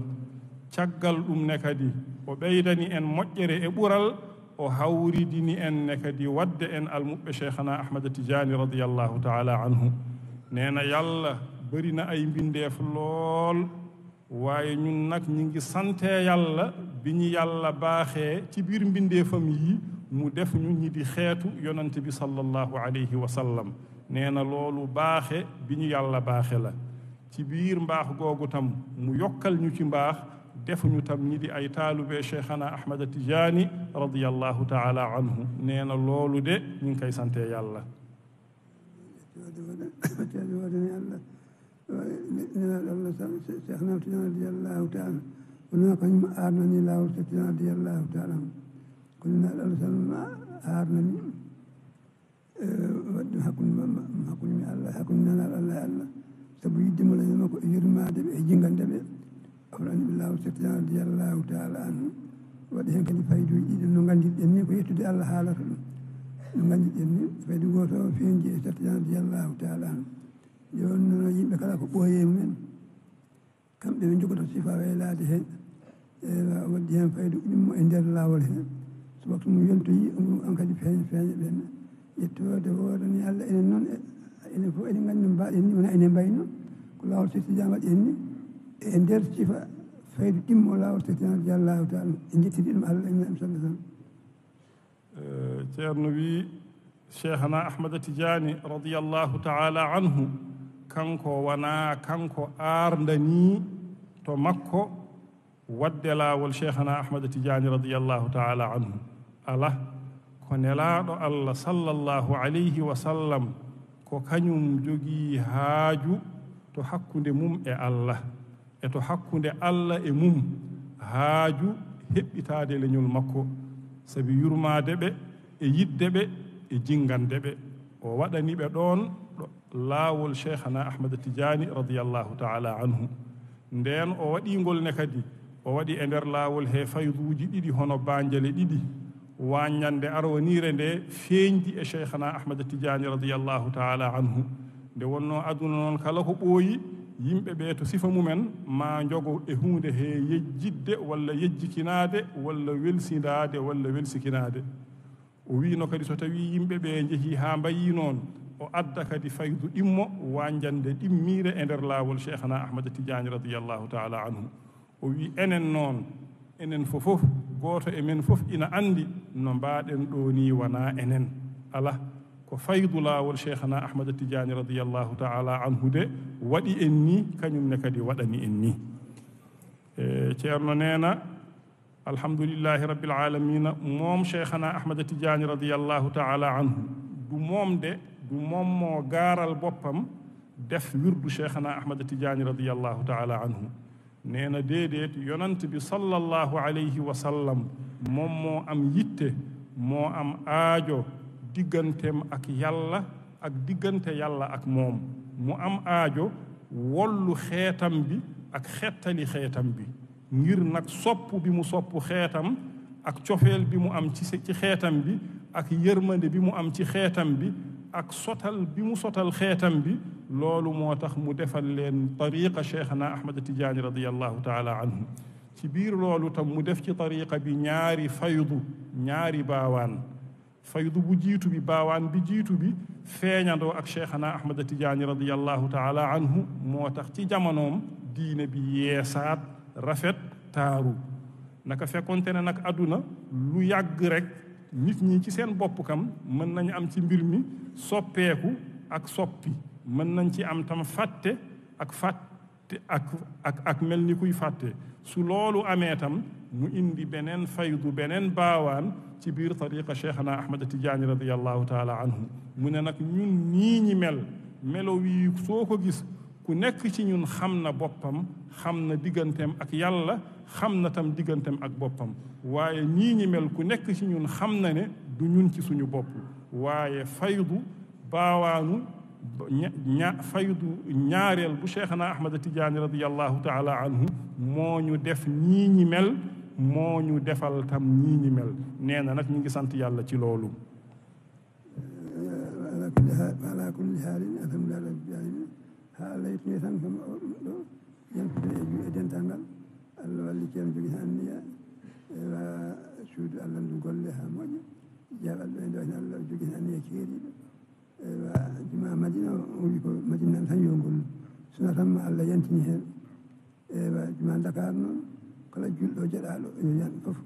تشغل أمنا كدي وبيدني إن مجري إبرال o hawridini en ne kadi wadde en almuɓɓe cheikhana ahmad tidiani radiallahu taala anhu neena yàlla bëri na ay mbindeef lool waaye ñun nag ñi ngi sante yàlla bi ñu yàlla baaxee ci biir mbindeefam yi mu def ñu ñi di xeetu yonante bi sallallahu alayhi wa sallam neena na loolu baaxe bi ñu yàlla baaxe la ci biir mbaax googu tam mu yokkal ñu ci mbaax defuñu tam ñi di ay taalube cheikhana ahmada tijaani radiallahu taala anhu nee na loolu de ñu ngi koy sante yàlla cheikhana tijaani radiallahu taala kono kañum aarnani laawol tijaani radiallahu taala anhu kono naa allah sallam aarnani wadde hakkunde hakkunde mi allah hakkunde nanaaɗo allah e allah sabu yiddema lañama ko e yurmaade ɓe e jingande ɓe kono anni ɓillahu sertiya radiallahu taala anhu waɗi hen kadi fayiduji ɗiɗi no gandirɗen ni ko yettude allah haalata ɗum no gandirɗen ni fayidu goto o fewji e sertiya radiallahu taala anhu jonnon yimɓe kala ko ɓooye mumen kamɓe ɓe jogoto sifa waylade hen e waddi hen fayidu ɗimmo e nder lawol hen so waktu mum yontoyi on kadi feeña feeña ɓenne yettode woodani allah enen noon e, enen foof enen gandi no mbaɗen ni wona ene mbayno ko lawol sertidia waɗi hen ni اندر شفا ان الله ان شاء الله شيخنا احمد تجاني رضي الله تعالى عنه كانكو وانا كانكو ارندني تو مكو ودلا والشيخنا احمد تجاني رضي الله تعالى عنه الله كنلاد الله صلى الله عليه وسلم ko kañum jogii haaju to hakkunde mum e e to hakkunde allah e mum haaju heɓɓitaade leñol makko sabi yurmaade ɓe e yiɗde ɓe e jinngande ɓe o waɗani ɓe ɗoon ɗo laawol cheikhana ahmada tidiani radiallahu taala anhu ndeen o waɗiingol ne kadi o waɗi e ndeer laawol he fayduuji ɗiɗi hono baanjale ɗiɗi waññande arwaniire nde feeñdi e cheikhana ahmada tidiani radiallahu taala anhu nde wonnoo aduna noon kala ko ɓooyi yimɓe ɓee to sifa mumen ma njogo e huunde hee yejjidde walla yejjikinaade walla welsindaade walla welsikinaade o wiino kadi so tawii yimɓe ɓee njehii haa mbayii noon o adda kadi faydu ɗimmo waanjande ɗimmiire e ndeer laawol cheikhana ahmada tidiani radiallahu taala anhu o wii enen noon enen fofof fof gooto e men fof ina anndi no mbaaɗen ɗoo nii wonaa enen ala ko faydu laawol cheikhana ahmad tidiani radiallahu taala anhu de waɗi en ni kañum ne kadi waɗani en ni e ceerno neena alhamdulillahi rabbil alamina moom cheikhana ahmad tidiani radiallahu taala anhu du moom de du moom moo gaaral boppam def wirdu cheikhana ahmad tidiani radiallahu taala anhu neena na déedéet yonant bi sallallahu alayhi wa sallam moom moo am yitte moo am aajo digantem ak yàlla ak digante yàlla ak mom mu am aajo wollu xeetam bi ak xettali xeetam bi ngir nag sopp bi mu sopp xeetam ak cofeel bi mu am ci ci xeetam bi ak yërmande bi mu am ci xeetam bi ak sotal bi mu sotal xeetam bi loolu moo tax mu defal leen tariqa cheikhna ahmad tijaani radiallahu taala anhu ci biir loolu tam mu def ci tariqa bi ñaari faydu ñaari baawaan faydu bu jiitu bi baawaan bi jiitu bi feeñandoo ak cheikhana ahmada tijaani radiallahu taala anhu moo tax ci jamonoom diine bi yeesaat rafet taaru naka fekkonte ne nag àdduna lu yàgg rekk nit ñi ci seen bopp kam mën nañu am ci mbir mi soppeeku ak soppi mën nañ ci am tam fàtte ak fàtte te ak ak ak mel ni kuy fàtte su loolu amee tam mu indi beneen faydu beneen baawaan ci biir tariqa cheikhana ahmad tijaani radiallahu taala anhu mu ne nag ñun nii ñi mel melo wii soo ko gis ku nekk ci ñun xam na boppam xam na digganteem ak yàlla xam na tam digganteem ak boppam waaye ñii ñi mel ku nekk ci ñun xam na ne du ñun ci suñu bopp waaye faydu baawaanu ña faydu ñaareel bu cheikhana ahmad tijaani radiallahu taala anhu moo ñu def ñii ñi mel moo ñu defal tam ñii ñi mel nee na nag ñu ngi sant yàlla ci loolu ala kulli haalin alhamdulillahi rabbil alamin haala yitni tan kam ɗo yaltude e juuɗe dental ngal allah walli ceerno jogi han niya ewa suudu allah ndu golle ha moƴƴa jaɓal ɗo e ndo hen allah jogi han niya keeriɗo juma madina wuli ko madinnaɓe tan yo ngollu sona tan ma allah yantini hen ewa juma dakar noon kala julɗo jeɗaɗo yo yan foof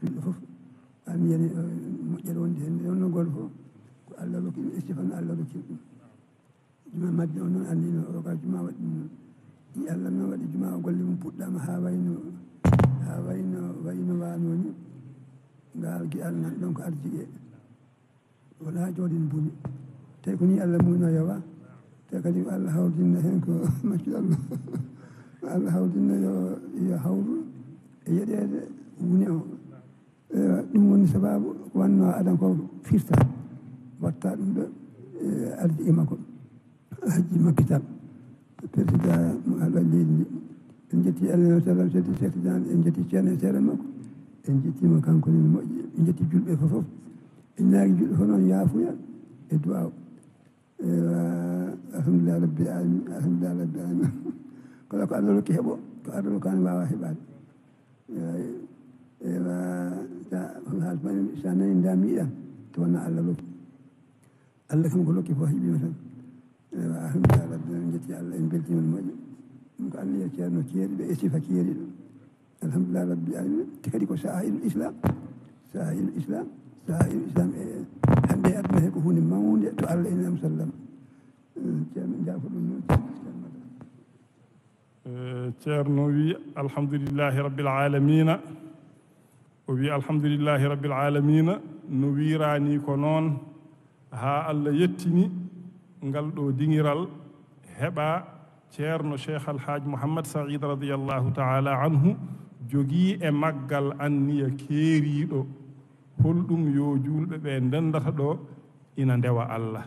julɗo foof ami yani e, moƴƴer wondi hen wonno goto fo ko allah rokki ɗum e stéphane allah rokkiɗ ɗum juma madina o noon andino oka juma waɗi ɗum i allah noon waɗi juma o golle mum puɗɗama ha wayno ha wayno wayno wanoni ngal gui allah nan ɗon ko arjiƴe wona jooɗin buuni te ko ni allah muuno yowa te kadi allah hawdinno hen ko maccuɗallo allah hawdinno yo yo hawru e yeɗede wuni o ɗum woni sababu wanno adan ko firta watta ɗum ɗo e ardi ima e ko hajji makkital président mo allah leydi ndi en jetti allah tala e sedi sertidan en jetti ceerno e seere makko en jettima kankone moƴƴi en jetti julɓe fofoof en ñaagi julɓe fo noon yaafuya e duwaw alhamdulillah rabbil alamin alhamdulillah rabbil alamin kala ko aduna ki heɓo ko aduna kan wawa heɓade ewa haalmani sa nani damiɗa to wona allah loki allah kam ko lokki fof heeɓima tan ewa alhamdulillah rabbil alamin jetti allah en beltima no moƴƴi ɗum ko allah yetti no keeri ɓe estifa keeri ɗum alhamdulillah rabbil alamin te kadi ko saha il islam saha il islam saha il islam e الله يكون مون يأتوا على الإنسان مسلم جامن جافر تيرنوي الحمد لله رب العالمين وبي الحمد لله رب العالمين نويراني كونون ها الله يتيني قال دو دينيرال هبا تيرنو شيخ الحاج محمد سعيد رضي الله تعالى عنه جوغي اماغال اني كيريدو holɗum yo julɓe ɓe ndendata ɗo ina ndewa allah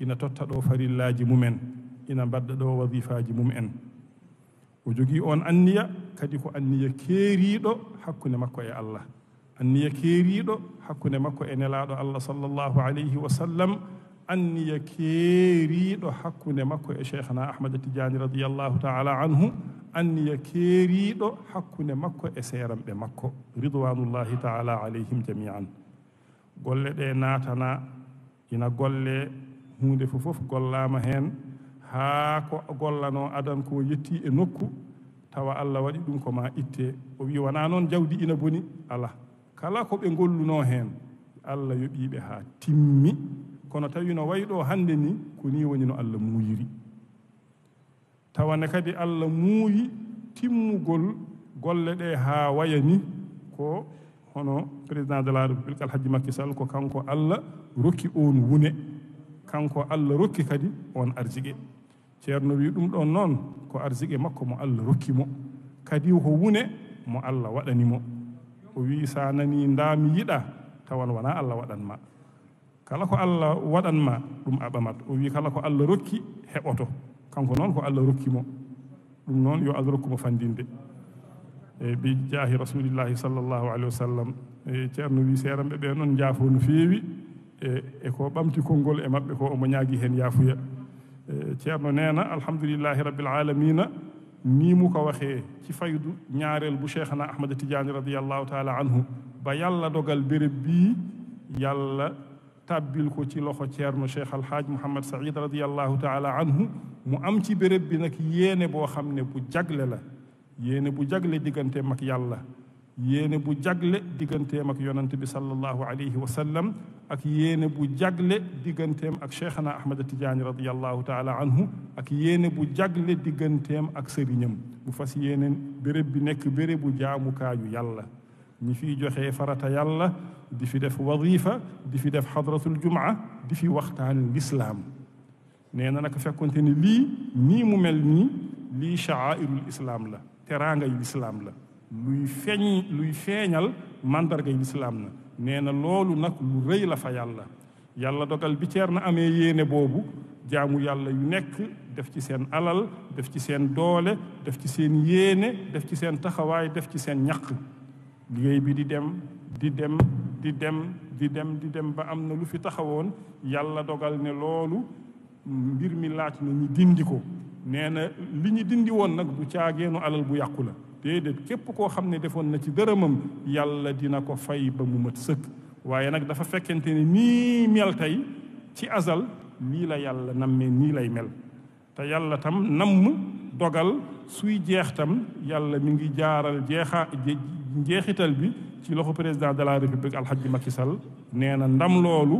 ina totta ɗo farillaji mumen ina mbadda ɗo wadifaji mum en o jogii on anniya kadi ko anniya keeriiɗo hakkunde makko e allah anniya keeriiɗo hakkunde makko e nelaaɗo allah sallllahu alayhi wa sallam anniya keeriiɗo hakkunde makko e cheikhna ahmada tidiani radiallahu taala anhu anniya keeriiɗo hakkunde makko e seeramɓe makko ridwanullahi taala alayhim jamian golle ɗe naatana ina golle huunde fof fof gollaama heen haa ko gollanoo adan ko yettii e nokku tawa allah waɗi ɗum ko maa ittee o wii wonaa noon jawdi ina boni ala kala ko ɓe ngolluno heen allah yoɓiiɓe haa timmi kono tawi no wayɗo hannde ni ko ni woni no allah muuyiri tawane kadi allah muuyi timmugol golle ɗe haa waya ni ko hono président de la république al hajji makky sall ko kanko allah rokki oon wune kanko allah rokki kadi on arjiɗe ceerno wi ɗum ɗon noon ko arjiɗe makko mo allah rokki mo kadi ko wune mo allah waɗani mo o wi sa nani ndaami yiɗa tawan wona allah waɗan ma kala ko allah waɗanma ɗum a o wi kala ko allah rokki heɓoto kanko noon ko allah rokkimo ɗum noon yo allah rokkumo fandinde e bi jaahi rasulillahi sallllahu alayhi wa sallam e ceerno wi seeranɓe ɓe noon jaafo no feewi e e ko ɓamti konngol e maɓɓe ko omo ñaagi heen yaafuya ceerno neena alhamdulillahi rabbil alamina ni mu ko waxee ci faydu ñaareel bu cheikhana ahmada tidiani radiallahu taala anhu ba yàlla dogal béréb bii yàlla tàbbil ko ci loxo ceerno cheikh alhaaj mouhamad saïd radiallahu taala anhu mu am ci béréb bi nag yéene boo xam ne bu jagle la yéene bu jagle digganteem ak yàlla yéene bu jagle digganteem ak yonent bi sallallahu alayhi wa sallam ak yéene bu jagle digganteem ak cheikhana ahmad tijaani radiallahu taala anhu ak yéene bu jagle digganteem ak sëriñam bu fas yéene béréb bi nekk bérébu jaamukaayu yàlla ñi fiy joxe farata yàlla di fi def wadifa di fi def xadratul jumaa di fi waxtaan lislaam nee na nag fekkonte ni lii nii mu mel nii lii sha'airul islaam la teraangay lislaam la luy feeñ luy feeñal màndargay lislaam na nee na loolu nag lu rëy la fa yàlla yàlla dogal bi ceer na amee yéene boobu jaamu yàlla yu nekk def ci seen alal def ci seen doole def ci seen yéene def ci seen taxawaay def ci seen ñaq liggéey bi di dem di dem di dem di dem di dem ba am na lu fi taxawoon yàlla dogal ne loolu mbir mi laaj na ñu dindi ko nee na li ñu dindi woon nag du caageenu alal bu yàqu la déedéet képp koo xam ne defoon na ci dërëmam yàlla dina ko fay ba mu mat sëkk waaye nag dafa fekkente ne nii mel tey ci asal lii la yàlla nammee nii lay mel te yàlla tam namm dogal suy jeex tam yàlla mi ngi jaaral jeexa njeexital bi ci loxo président de la république alxaji Macky Sall nee na ndam loolu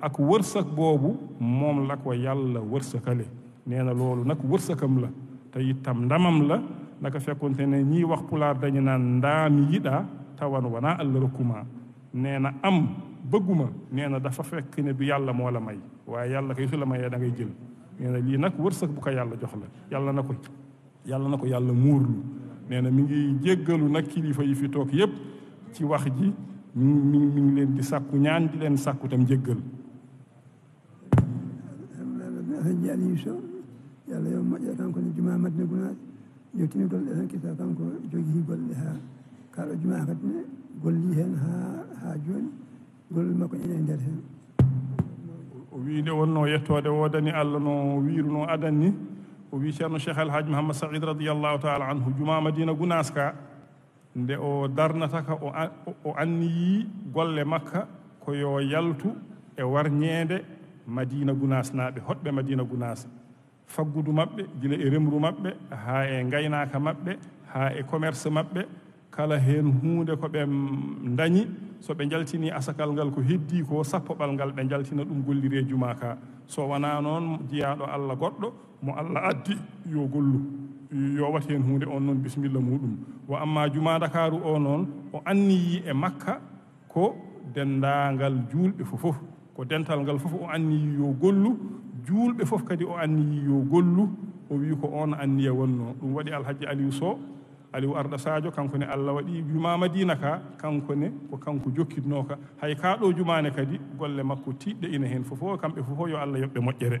ak wërsëg boobu moom la ko yàlla wërsëkale nee na loolu nag wërsëkam la te itam ndamam la naka fekkonte ne ñiy wax pulaar dañu naan yi yiɗaa tawan wana allarakkuma nee na am bëgguma nee na dafa fekk ne du yàlla moo la may waaye yàlla kay su la mayee da ngay jël nee na lii nag wërsëg bu ko yàlla jox la yàlla na ko yàlla na ko yàlla muurlu nee na mi ngi jéggalu nag kilifa yi fi toog yépp ci wax ji mi mi ngi leen di sàkku ñaan di leen sàkku tam jéggal haji aliyu sow yalla yo moƴƴa kanko no juma madina gunaɗe jottini golle tan kita kanko jogii golle ha kaɗo juma kadi ne golli hen ha ha joni gollol makko ene e nder hen o wiide wonno yettode wodani allah no wiiruno adan ni o wi ceerno cheikh alhaji mouhamad saïd radiallahu taala anhu juma madina gunas ka nde o darnataka o anniyi golle makka koyo yaltu e warñeede madina gunas naaɓe hoɗɓe madina gunas faggudu maɓɓe gila e remru maɓɓe haa e ngaynaaka maɓɓe haa e commerce maɓɓe kala heen huunde ko ɓe dañi so ɓe njaltini asakal ngal ko heddi ko sappo ɓal ngal ɓe njaltina ɗum gollire juma ka so wonaa noon jiyaaɗo allah goɗɗo mo allah addi yo gollu yo wat heen huunde on noon bisimilla muɗum wa amma jumadakaru o noon o anniyi e makka ko dendangal juulɓe fof fof ko dental ngal fof o anniyi yo gollu juulɓe fof kadi o anniyi yo gollu o wi ko on anniya wonno ɗum waɗi alhaji aliou sow aliou arɗa sadio kanko ne allah waɗi jumamadina ka kanko ne ko kanko jokkitnoka hay ka ɗo jumane kadi golle makko tiɗɗe ina heen fofof kamɓe fofof yo allah yoɓɓe moƴƴere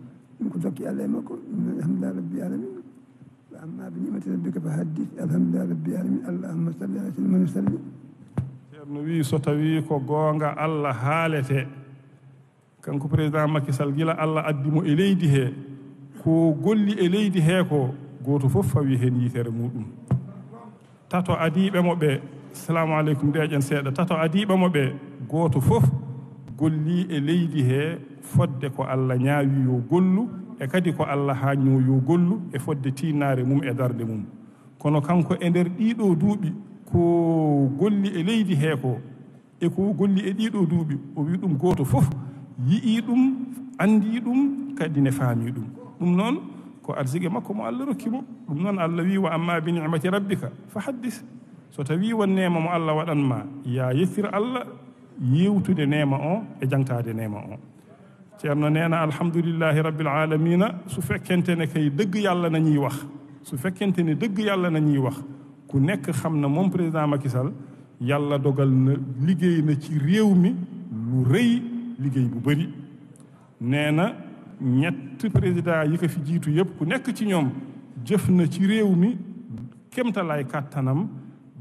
ko tokki allah e makko alhamdulillah rabbi alamin amma be ñimete rabbi ko fa haddi alhamdulillah rabbi alamin allahumma salli ala salimanu salli ceerno wi so tawi ko goonga allah haalete kanko président makisal gila allah addimo e leydi he ko golli e leydi he ko gooto fof fawi heen yitere muɗum tato adiɓe mo ɓe salamu aleykum deƴen seeɗa tato adiɓe mo ɓe gooto fof golli e leydi he fodde ko allah ñaawi yo gollu e kadi ko allah haanño yo gollu e fodde tiinaare mum e darde mum kono kanko e ndeer ɗiiɗoo duuɓi ko golli e leydi hee ko e ko golli e ɗiiɗoo duuɓi o wii ɗum gooto fof yi'ii ɗum anndii ɗum kadi ne faamii ɗum ɗum noon ko arsigue makko mo allah rokki mo ɗum noon allah wii wa amma bi nicmati rabbika fa haddis so tawii won neema mo allah waɗan ma yaa yettir allah yeewtude neema o e jangtaade neema o Ceerno nee na alhamdulillahi rabbil alamina su fekkente ne kay dëgg yàlla na ñuy wax su fekkente ne dëgg yàlla na ñuy wax ku nekk xam na moom président Macky Sall yàlla dogal na liggéey na ci réew mi lu rëy liggéey bu bëri nee na ñett président yi ko fi jiitu yëpp ku nekk ci ñoom jëf na ci réew mi kemtalaay kàttanam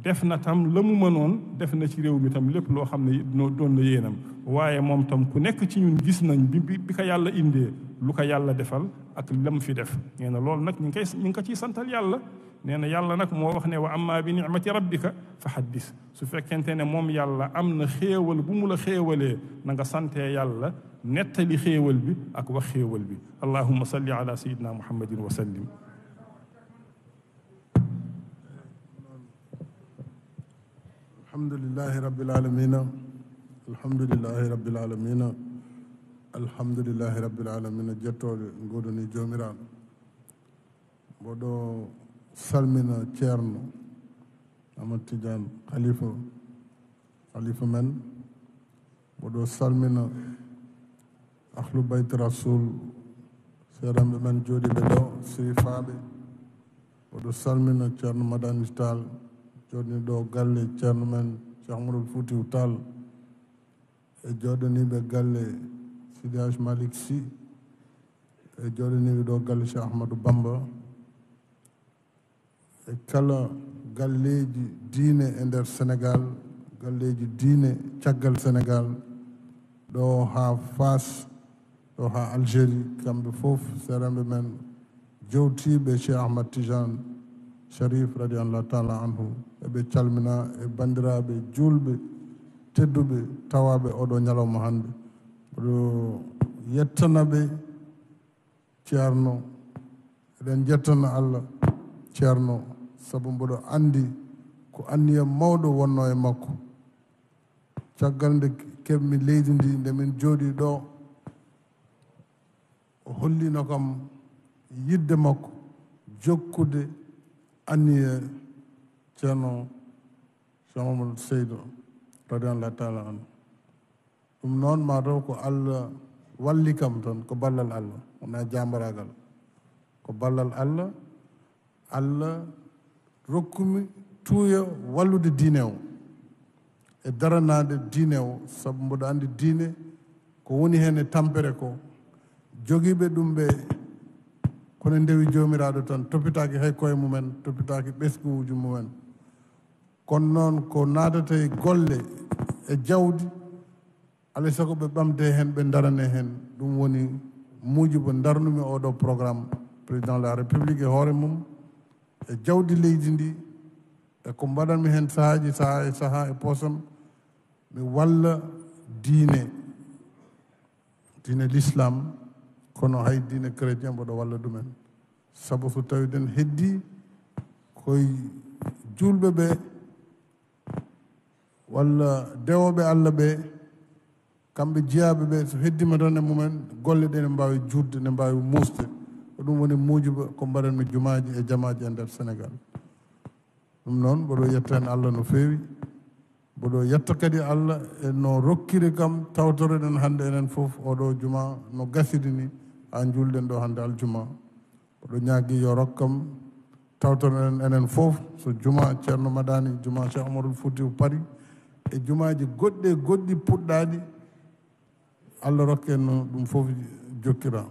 def na tam la mu mënoon def na ci réew mi tam lépp loo xam ne doon na yéenam waaye moom tam ku nekk ci ñun gis nañ bi bi ko yàlla indee lu ko yàlla defal ak lam fi def nee na loolu nag ñu ngi koy ñu ngi ko ciy santal yàlla nee na yàlla nag moo wax ne wa amma bi nicmati rabbika fa xaddis su fekkente ne moom yàlla am na xéewal bu mu la xéewalee na nga santee yàlla nettali xéewal bi ak wax xéewal bi allahumma salli ala sayidina muhammadin wa sallim alhamdulillahi rabbil alamin الحمد لله رب العالمين الحمد لله رب العالمين جتول غودني جوميران بودو سلمنا تيرن امتي جان خليفه خليفه من بودو سلمنا اخل بيت رسول سيرام من جودي بدو سي فابي بودو سلمنا تيرن مدان نستال جودي دو غالي تيرن من شيخ مرو فوتي وتال e jooɗaniiɓe galle sidih malik sy e jooɗaniiɓe ɗo galle cheikh ahmadou bamba e kala galleeji diine e ndeer sénégal galleeji diine caggal sénégal ɗo haa fas ɗo haa algérie kamɓe fof seremɓe men jewtiiɓe cheikh ahmad tijane sharif radiallahu taala anhu eɓe calmina e banndiraaɓe juulɓe tedduɓe tawaɓe oɗo ñalawma hannde oɗo yettana ɓe ceerno eɗen jettana allah ceerno sabu mboɗo anndi ko anniya mawɗo wonno e makko caggal nde keɓmi leydi ndi nde min jooɗi ɗo o hollino kam yidde makko jokkude anniya ceerno jean mamadou seydo radiallahu taala anu ɗum noon mataw ko allah walli kam toon ko ballal allah wona jambaragal ko ballal allah allah rokkumi tuuya wallude diine o e daranade diine o sabu mboɗo andi diine ko woni heen e tampere ko jogiiɓe ɗum ɓe kono ndewi joomiraɗo tan toppitaki hay koye mumen toppitaki ɓesgu uji mumen kono noon ko naadata e golle e jawdi alay e sago ɓe ɓamde heen ɓe darane heen ɗum woni muujibo darnumi oɗo programme président de la république e hoore mum e jawdi leydi ndi e ko mbaɗanmi heen sahaaji saha e saha e posam mi walla diine diine l'islam kono hay diine chrétien mboɗo walla ɗumen sabu so tawiden heddi koye julɓe ɓe walla dewoɓe allah ɓe kamɓe jeyaɓe ɓe so heddima tan e mumen golle ɗe ne mbawi juurde ne mbawi musde ko ɗum woni muujuba ko mbaɗanmi jumaji e jamaji e nder sénégal ɗum noon mboɗo yetto hen allah no feewi mboɗo yetto kadi allah e no rokkiri kam tawtoreɗen hande enen foof oɗo juma no gasiri ni ha julɗen ɗo hande aljuma mboɗo ñaagui yo rok kam tawtoreɗen enen foof so juma ceerno maɗani juma cheikh omarul fouti paris e jumaaji goɗɗi e goɗɗi puɗɗaaɗi allah rokken no ɗum fof jokkira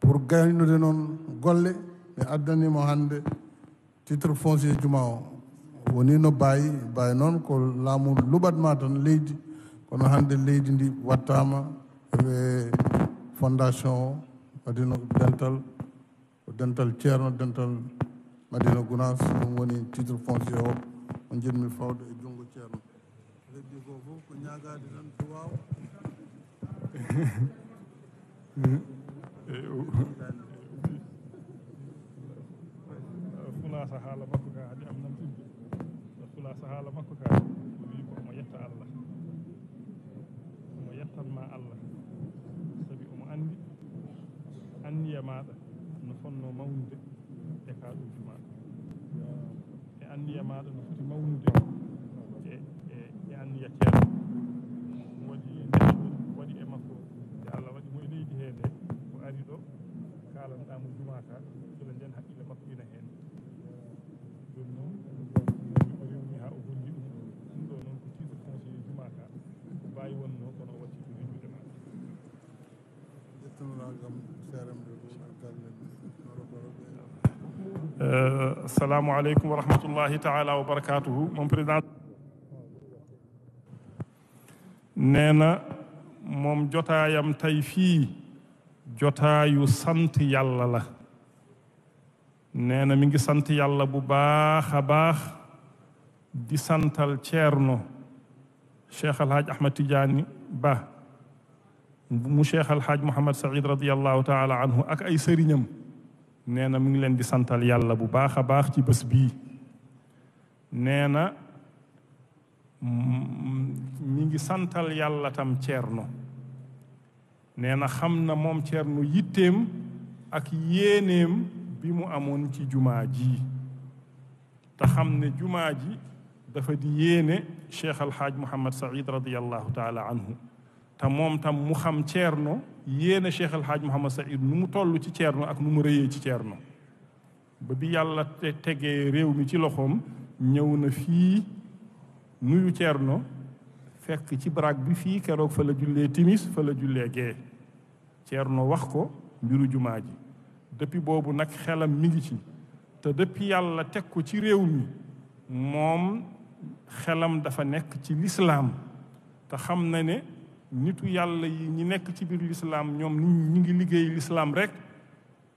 pour gaynude noon golle mi addanimo hannde titre foncier juma o woni no baayi baayi noon ko laamu luɓatma tan leydi kono hannde leydi ndi wattaama e fondation o madino dental ko dental ceerno dental madino gounance ɗum woni titre foncier o on jiɗmi fawde e ñaagaade tan duwaawa fulaasa haala makko kaa hadi am nan tudde fulaasa haala makko kaa o wii ko omo yetta allah omo yettanmaa allah sabi omo anndi anniya maaɗa no fonnoo mawnude e kaa ɗuuji maaɗa e anniya maaɗa no foti mawnude haalanɗamo juma ka sona nden haqqille makko ina heen ɗum noon o rewni haa o holli ɗum ɗum ɗo noon ko titre conseiller juma ka ko mbawi wonno kono wacci ɗum rindude ma ƴettanonagam seremde ɗum gallen assalamu aleykum wa rahmatullahi taala wa barakatuhu mon président nee na moom jotaayam tey fii jotaayu sant yàlla la nee na mi ngi sant yàlla bu baax a baax di santal ceerno cheikh alhaaj ahmad tijaani ba mu cheikh alhaaj mouhamad saïd radiallahu taala anhu ak ay sëriñam nee na mi ngi leen di santal yàlla bu baax a baax ci bés bii nee na mi ngi santal yàlla tam ceerno neena xamna mom na yittem ak yéeneem bi mu amoon ci jumaaji ta xamne jumaaji dafa di yene Cheikh Alhaaj mohammed Saïd radiyallahu taala anhu ta mom tam mu xam Thierno yene Cheikh Alhaaj mohammed Saïd nu mu tollu ci Thierno ak nu mu rëyee ci Thierno ba bi yàlla tege tegee mi ci loxom ñëw na fii nuyu Thierno fekk ci baraag bi fii keroog fa la jullee timis fa la jullee gee Ceerno wax ko mbiru jumaa ji depuis boobu nag xelam mi ngi ci te depuis yàlla teg ko ci réew mi moom xelam dafa nekk ci lislaam te xam na ne nitu yàlla yi ñi nekk ci biir lislaam ñoom ñi ngi liggéey lislaam rek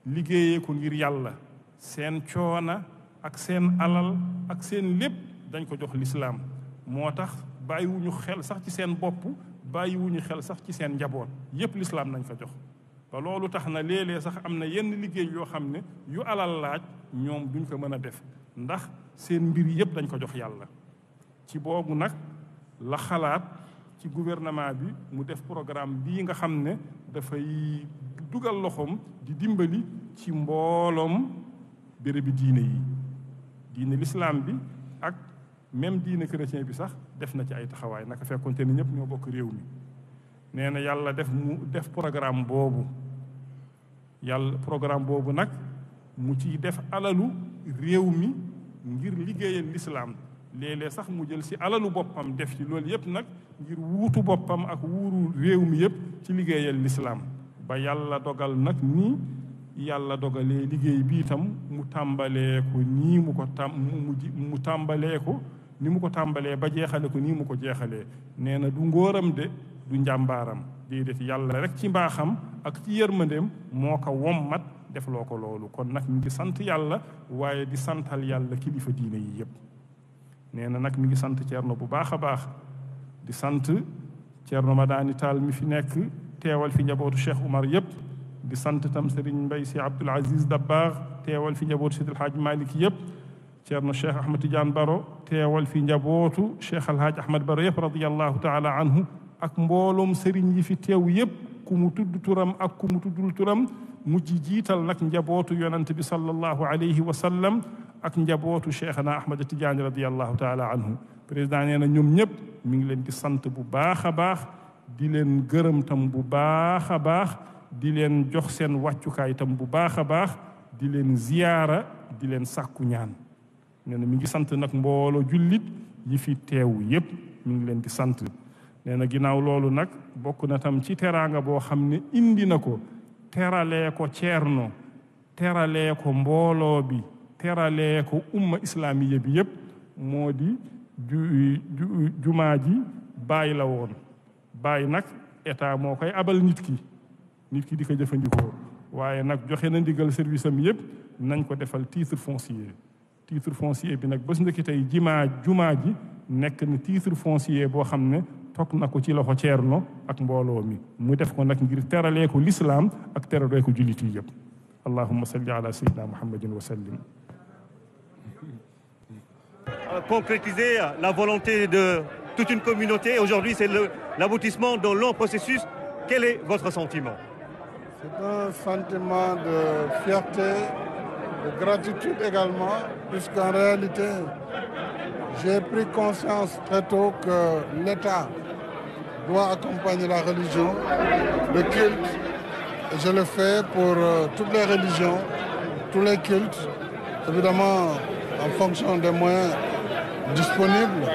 liggéeyee ko ngir yàlla seen coona ak seen alal ak seen lépp dañ ko jox lislaam moo tax bàyyiwuñu xel sax ci seen bopp bàyyiwuñu xel sax ci seen njaboot yépp lislaam nañ fa jox ba loolu tax na léeg-léeg sax am na yenn liggéey yoo xam ne yu alal laaj ñoom duñ ko mën a def ndax seen mbir yépp dañ ko jox yàlla ci boobu nag la xalaat ci gouvernement bi mu def programme bii nga xam ne dafay dugal loxoom di dimbali ci mbooloom bérébi diine yi diine lislaam bi ak même diine chrétien bi sax def na ci ay taxawaay naka fekkonte ni ñëpp ñoo bokk réew mi nee na yàlla def mu def programme boobu yàlla programme boobu nag mu ci def alalu réew mi ngir liggéeyal lislaam léeg sax mu jël si alalu boppam def ci loolu yëpp nag ngir wuutu boppam ak wuuru réew mi yëpp ci liggéeyal lislaam ba yàlla dogal nag nii yàlla dogalee liggéey bi itam mu tàmbalee ko nii mu ko mu tàmbalee ko ni mu ko tàmbalee ba jeexale ko ni mu ko jeexalee nee na du ngóoram de du njàmbaaram dii def yàlla rek ci mbaaxam ak ci yërmandeem moo ko wom def loo ko loolu kon nag mi ngi sant yàlla waaye di santal yàlla kilifa diine yi yëpp nee na nag mi ngi sant Ceerno bu baax a baax di sant Ceerno Madani Tall mi fi nekk teewal fi njabootu Cheikh Umar yëpp di sant tam Serigne mbay si Abdoul Aziz Dabbar teewal fi njabootu Seydil Hadj Malick yëpp ceerno cheikh ahmad tidiane baro teewal fi njabootu cheikh alhaaj ahmad baro yëpp radiallahu taala anhu ak mbooloom sëriñ yi fi teew yëpp ku mu tudd turam ak ku mu tuddul turam mujj jiital nag njabootu yonante bi sallallahu alayhi wa sallam ak njabootu cheikhana ahmad tidiane radiallahu taala anhu président nee na ñoom ñëpp mi ngi leen di sant bu baax a baax di leen gërëm tam bu baax a baax di leen jox seen wàccukaay tam bu baax a baax di leen ziyaara di leen sàkku ñaan nee na mi ngi sant nag mbooloo jullit yi fi teew yépp mi ngi leen di sant nee na ginnaaw loolu nag bokk na tam ci teraanga boo xam ne indi na ko teralee ko ceerno teralee ko mbooloo bi teralee ko umma islaamiya bi yep moo di ju jumaa ji bàyyi la woon bàyyi nag état moo koy abal nit ki nit ki di ko jëfandikoo waaye nag joxe na ndigal service am yépp nañ ko defal titre foncier titre foncier bi nag bés ndëkki tey jimaa jumaa ji nekk na titre foncier boo xam ne toog na ko ci loxo Ceerno ak mbooloo mi mu def ko nag ngir teralee ko lislaam ak teralee ko jullit yi yëpp allahumma salli ala sayyidina muhammadin wa sallim concrétiser la volonté de toute une communauté aujourd'hui c'est l'aboutissement d'un long processus quel est votre sentiment c'est un sentiment de fierté gratitude également, puisqu'en réalité, j'ai pris conscience très tôt que l'État doit accompagner la religion, le culte. je le fais pour euh, toutes les religions, tous les cultes, évidemment en fonction des moyens disponibles,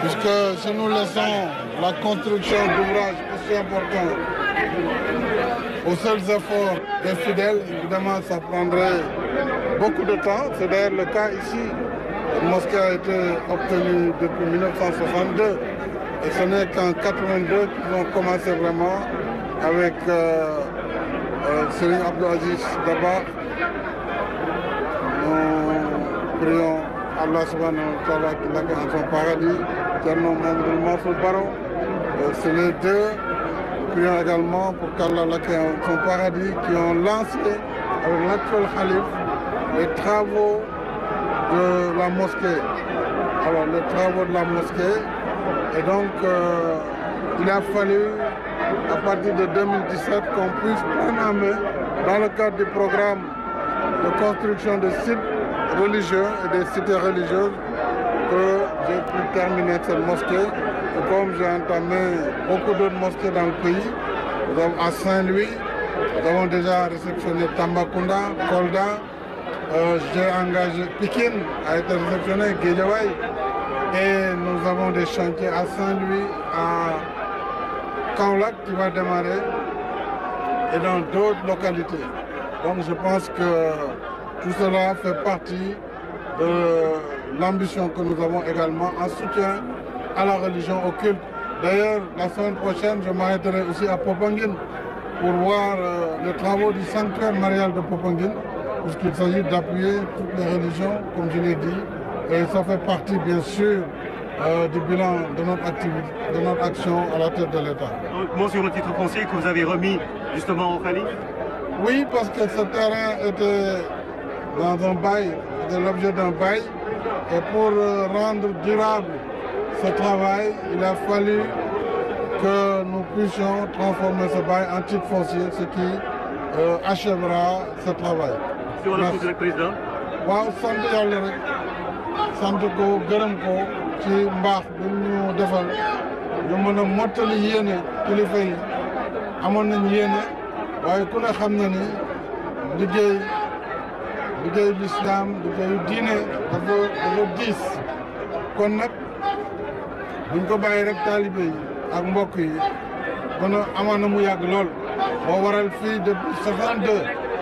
puisque si nous laissons la construction d'ouvrages aussi importants aux seuls efforts des fidèles, évidemment ça prendrait beaucoup de temps. C'est d'ailleurs le cas ici. mosquée a été obtenue depuis 1962. Et ce n'est qu'en 82 qu'ils ont commencé vraiment avec euh, euh d'abord. Abdelaziz Nous prions Allah subhanahu wa ta'ala qui l'a dans son paradis, C'est les deux, nous prions également pour qu'Allah l'a en son paradis, qui ont lancé avec l'actuel calife les travaux de la mosquée. Alors, les travaux de la mosquée. Et donc, euh, il a fallu, à partir de 2017, qu'on puisse prendre en main, dans le cadre du programme de construction de sites religieux et des cités religieuses, que j'ai pu terminer cette mosquée. Et comme j'ai entamé beaucoup d'autres mosquées dans le pays, nous à Saint-Louis, nous avons déjà réceptionné Tambacounda, Kolda, euh, j'ai engagé Pikin à être réceptionné Et nous avons des chantiers à Saint-Louis, à Kaolac qui va démarrer et dans d'autres localités. Donc je pense que tout cela fait partie de l'ambition que nous avons également en soutien à la religion occulte. D'ailleurs, la semaine prochaine, je m'arrêterai aussi à Popanguine pour voir euh, les travaux du centre marial de Popanguine qu'il s'agit d'appuyer toutes les religions, comme je l'ai dit, et ça fait partie bien sûr euh, du bilan de notre, activité, de notre action à la tête de l'État. Donc sur le titre foncier que vous avez remis justement au Oui, parce que ce terrain était dans un bail, de l'objet d'un bail, et pour euh, rendre durable ce travail, il a fallu que nous puissions transformer ce bail en titre foncier, ce qui euh, achèvera ce travail. उसके बाद उसको select daal waaw sant yàlla rek sant ko gërëm ko ci mbaax bi ñu defal ñu mën a mottali yéene kilifa yi amoon nañ yéene waaye ku ne xam na ni liggéey liggéeyu lislaam liggéeyu diine dafa dafa diis kon nag buñ ko bàyyi rek taalibe yi ak mbokk yi kon amoon na mu yàgg lool moo waral fii depuis 62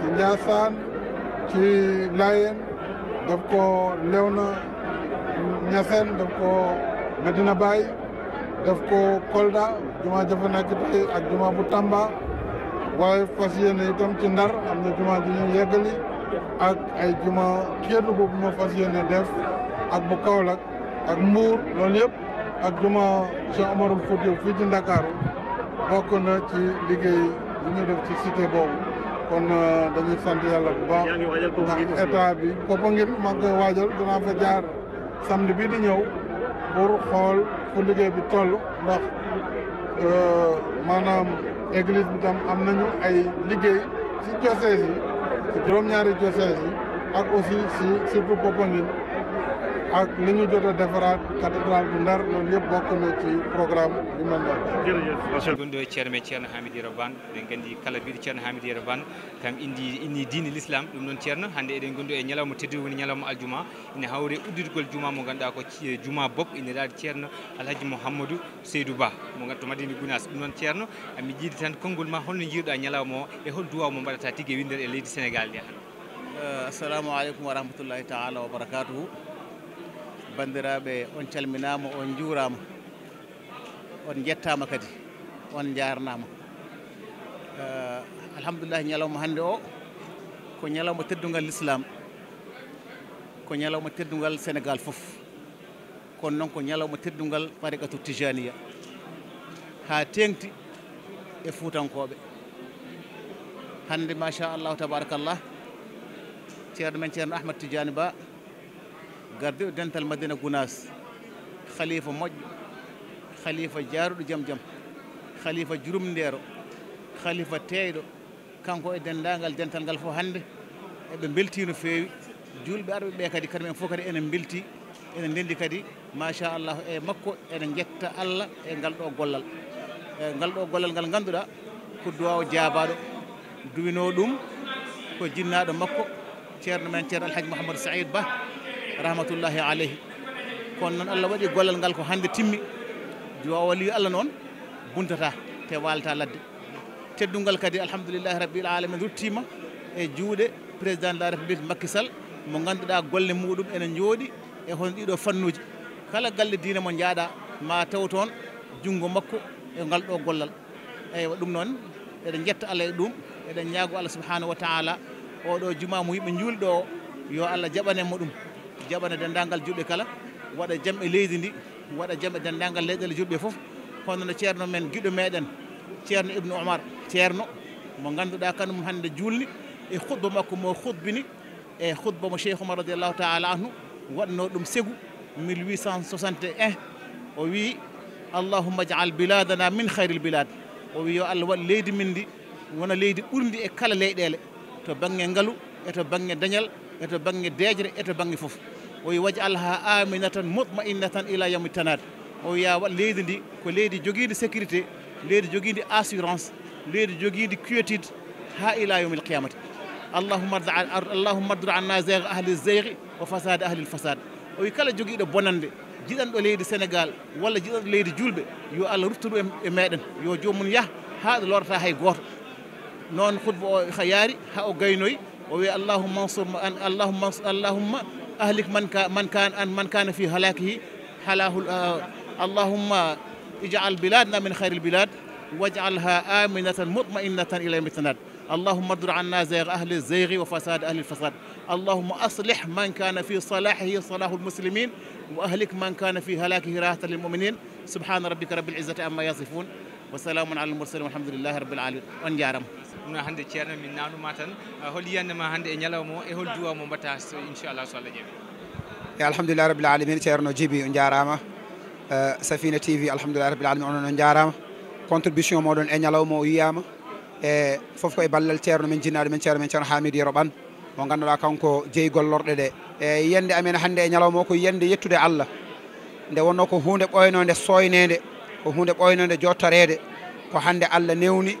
ci Njaasaan ci Laayeen daf ko Léona Ñaseen daf ko Medina Baay daf ko Kolda juma jafe nekk tey ak juma bu Tamba waaye fas yéene itam ci Ndar am na juma ju ñuy ak ay juma Kédougou bu ma fas yéene def ak bu Kaolack ak Mbuur loolu yëpp ak juma Cheikh Omarul Foutiou fii ci Ndakaaru bokk na ci liggéey bi ñu def ci cité boobu kon euh, dañuy sant yàlla bu baax ndax état bi Kopa ngir koy fa jaar samedi di ñëw pour xool fu liggéey bi toll ndax euh, maanaam église bi tam am nañu ay liggéey si diocèse yi si juróom-ñaari diocèse yi ak aussi si surtout Kopa ak ni ñu jota defaraat cathédral bu ndar loolu yëpp bokk na ci programme bi man daal jërëjëf gundo ceerno ceerno hamid yero ban eɗen nganndi kala mbiɗo ceerno hamid yero ban kam indi inni diine l'islam ɗum noon ceerno hannde eɗen gonndu e ñalawma teddi woni ñalawma aljuma ina hawre udditgol juma mo ngannduɗaa ko e juma bop ina ɗaadi ceerno alhaji mouhamadou seydou ba mo ngannd to madini gunas ɗum noon ceerno ami jiide tan konngol ma holno jiiruɗa ñalawma o e hol duwa mo mbaɗata tigue winnder e leydi sénégal ndi e han euh, assalamu aleykum wa rahmatullahi taala wa baracatuhu banndiraaɓe on calminaama on njuuraama on njettaama kadi on njaarnaama uh, eh, alhamdulillahi ñalawma hannde o ko ñalawma teddungal l'islam ko ñalawma teddungal sénégal fof kono noon ko ñalawma teddungal farigatu tijaniya haa teeŋti e fuutankooɓe hannde machallahu tabarakallah ceerno men ceerno ahmad tidiani ba gardiɗo dental madina gunas khalifa moƴƴo khalifa jaaruɗo jam jam khalifa jurum ndeero khalifa teyɗo kanko e denndaangal dental ngal fof hannde eɓe mbeltii no feewi julɓe arɓe ɓe kadi kadi men fof kadi ene belti ene ndendi kadi machallahu e makko ene getta allah e ngal ɗo gollal e ngal ɗo gollal ngal ngannduɗaa ko duwaw jaabaaɗo duwinoo ɗum ko jinnaaɗo makko ceerno men ceerno alhaji mouhamadou saïd ba rahmatullahi aleyhi kono noon allah waɗi gollal ngal ko hannde timmi jowa wali allah noon buntata te walata ladde teddungal kadi alhamdoulillahi rabbil alamin ruttima e juuɗe président de la république makkisal mo ngannduɗa golle muɗum ene jooɗi e hono ɗiɗo fannuji kala galle diina mo jaaɗa ma taw toon junngo makko e ngal ɗo gollal eyi ɗum noon eɗen jetta allah e ɗum eɗen ñaago allah subahanahu wa taala oɗo juma mo yimɓe juuli ɗo yo allah jaɓanemo ɗum jaɓana denndaangal juɓɓe kala waɗa jam e leydi ndi waɗa jam e denndaangal leyɗele juɓɓe fof kono no ceerno men giɗo meɗen ceerno ibnu omar ceerno mo ngannduɗaa kanumum hannde juulni e hutba makko mo hutbini e hutba mo cheikh omar radiallahu taala anhu waɗno ɗum segu 1861 o wii allahumma jaal biladana min hayril bilad o wii yo allah waɗ leydi min ndi wona leydi ɓurndi e kala leyɗeele to baŋnge ngalu e to baŋnge dañal e to baŋnge deejre e to baŋnge fof ويجعلها آمنة مطمئنة إلى يوم التناد ويا ليدي دي كليدي جوجي دي سيكوريتي ليدي جوجي دي اسيورانس ليدي جوجي دي كيوتيد ها الى يوم القيامه اللهم ارضع اللهم ارضع عنا زيغ اهل الزيغ وفساد اهل الفساد وي كلا جوجي دو بوناند جيدان دو ليدي سنغال ولا جيدان ليدي جولبه يو الله رتلو ميدن يو جومون يا ها لورتا هاي غوت نون خطبه خياري ها او غينوي وي اللهم انصر اللهم, اللهم أهلك من كان من كان من كان في هلاكه حلاه آه، اللهم اجعل بلادنا من خير البلاد واجعلها آمنة مطمئنة إلى يوم التناد اللهم ادر عنا زيغ أهل الزيغ وفساد أهل الفساد اللهم أصلح من كان في صلاحه صلاح المسلمين وأهلك من كان في هلاكه راحة للمؤمنين سبحان ربك رب العزة عما يصفون وسلام على المرسلين والحمد لله رب العالمين ɗum noon hannde ceerno min naanuma tan holi yiyande ma hannde e ñalawma o e hol duwa mo mbatta inchallah so allah jaɓi e alhamdulillah rabbil alamin ceerno djiby o jarama uh, safina tv alhamdulillah rabbil alamin onon o jarama contribution moɗon e ñalawma o yiyama e foof koye ballal ceerno men jinnaɗo men ceerno men ceerno hamid yero ɓan mo ganduɗa kanko jeeyi gollorɗe ɗe e yiyande amen hannde e ñalawma o ko yiyande yettude allah nde wonno ko hunde ɓoynode soynede ko hunde ɓoynode jottorede ko hannde allah newni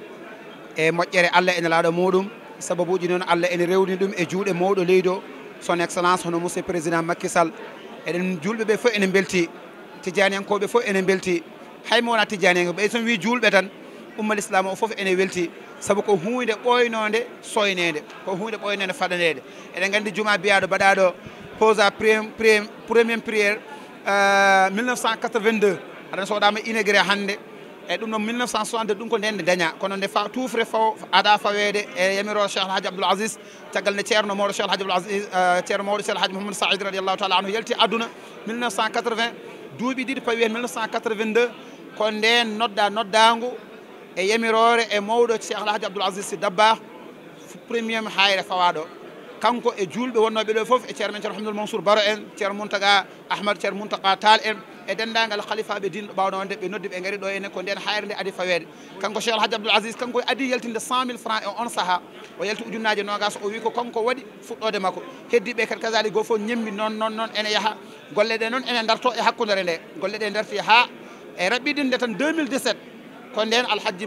e moƴƴere allah ene laaɗo muɗum sababuji noon allah ene rewni ɗum e juuɗe mawɗo leydi o son excellence hono monsieur président macky sall eɗen julɓeɓe fof ene belti tidianiyankoɓe fof ene belti haymo wona tidianiyanko ɓay son wi julɓe tan ummal islam o fof ene welti saabu ko hunde ɓoynode soynede ko hunde ɓoynode faɗanede eɗen gandi juma biyaɗo mbaɗaɗo posa premier prière 1982 euh, aɗa sowɗama inégré hande eyyi ɗum noon 1962 ɗum ko ndende daña kono nde fa tufre faw ada fawede e yamiro cheikh alhaji abdoul asis caggal nde ceerno mawɗo cheikh alhaji abdoul asis ceerno eh, mawɗo cheikh alhaji mouhamadou saidi radiallahu taala anu yalti aduna 1980 duuɓi ɗiɗi pawi hen 1982 ko nden nodda noddagu e yamirore e mawɗo cheikh alhaji abdoul asis dabbar premier hayre fawaɗo kanko e julɓe wonnoɓe ɗo foof e ceerno men ceerno hamdoul mansour baro en ceerno mountaga ahmad ceerno mountaga tal en e denndaangal halifaɓe dinɗo ɓawno wonde ɓe noddi ɓe ngari ɗo ene ko nden hayre nde adi faweede kanko cheikh alhaji abdoul asis kanko adi yaltinde 100 mille franc e on saaha o yalti ujunnaji nogas o wi ko kanko waɗi fuɗɗode makko heddiɓe kadi kasali goo fof ñemmi noon noon noon ene yaha golle ɗe noon ene darto e hakkudere nde golle ɗe darti ha e raɓɓiɗinde tan 2017 ko nden alhaji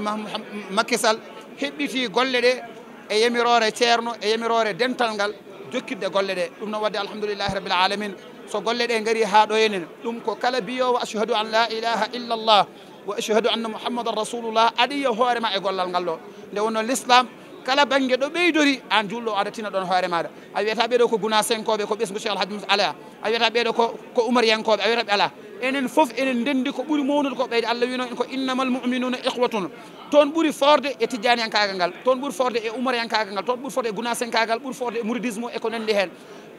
makisal heɓɓiti golle ɗe e yamirore ceerno e yamirore dental ngal jokkidde golle ɗe ɗum noon wadde alhamdoulillahi rabbil alamin so golle de ngari ha do enen dum ko kala biyo wa ashhadu an la ilaha illa allah wa ashhadu anna muhammadar rasulullah adi yo horema e gollal ngal ɗo nde wonno l'islam kala bangi do beydori an jullo adatina don horema da a wiata be do ko guna senkobe ko ɓesgu cheikh alhadim ala a wiata be do ko ko umar yankobe a wiata ɓe ala enen fof enen dendi ko buri mawnude ko beydi allah wino en ko innamal muminuna ikhwatun ton buri forde e tijjani yankagal ngal toon ɓuuri forde e umar yankagal ngal toon ɓuuri forde e guna senkagal buri forde e mouridisme e ko nandi hen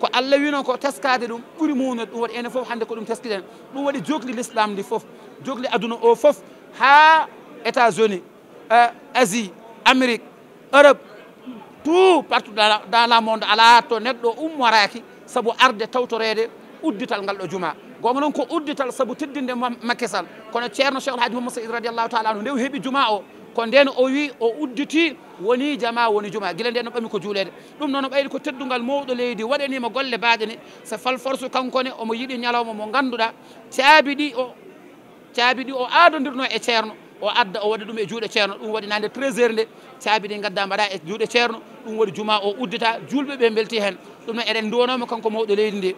ko allah non ko teskade dum buri mumno dum wadi enen fof hande ko dum teskiɗen dum wadi jogli l'islam di fof jogli aduna o fof ha états unis asie amérique europe tout partout dans la monde ala to neɗɗo ummoraki sabu arde tawtorede uddital ngal ɗo juma gonga non ko uddital sabu teddinde makkesal kono cierno cheikh hadji mohammed saïd radiallahu taala no nde o juma o ko nden o wi o udditi woni jama woni juma guila nden no ɓami ko juulede ɗum noon o ɓayri ko teddugal mawɗo leydi waɗanima golle baaɗe ni so fal force kankone omo yiiɗi ñalawma mo ganduɗa caabi ɗi o caabi ɗi o aadodirno e ceerno o adda o waɗa ɗum e juuɗe ceerno ɗum waɗi nande trés heure nde caabi ɗi gadda mbaɗa e juuɗe ceerno ɗum waɗi juma o uddita julɓe ɓe belti hen ɗum noon eɗen duwanoma kanko mawɗo leydi ndi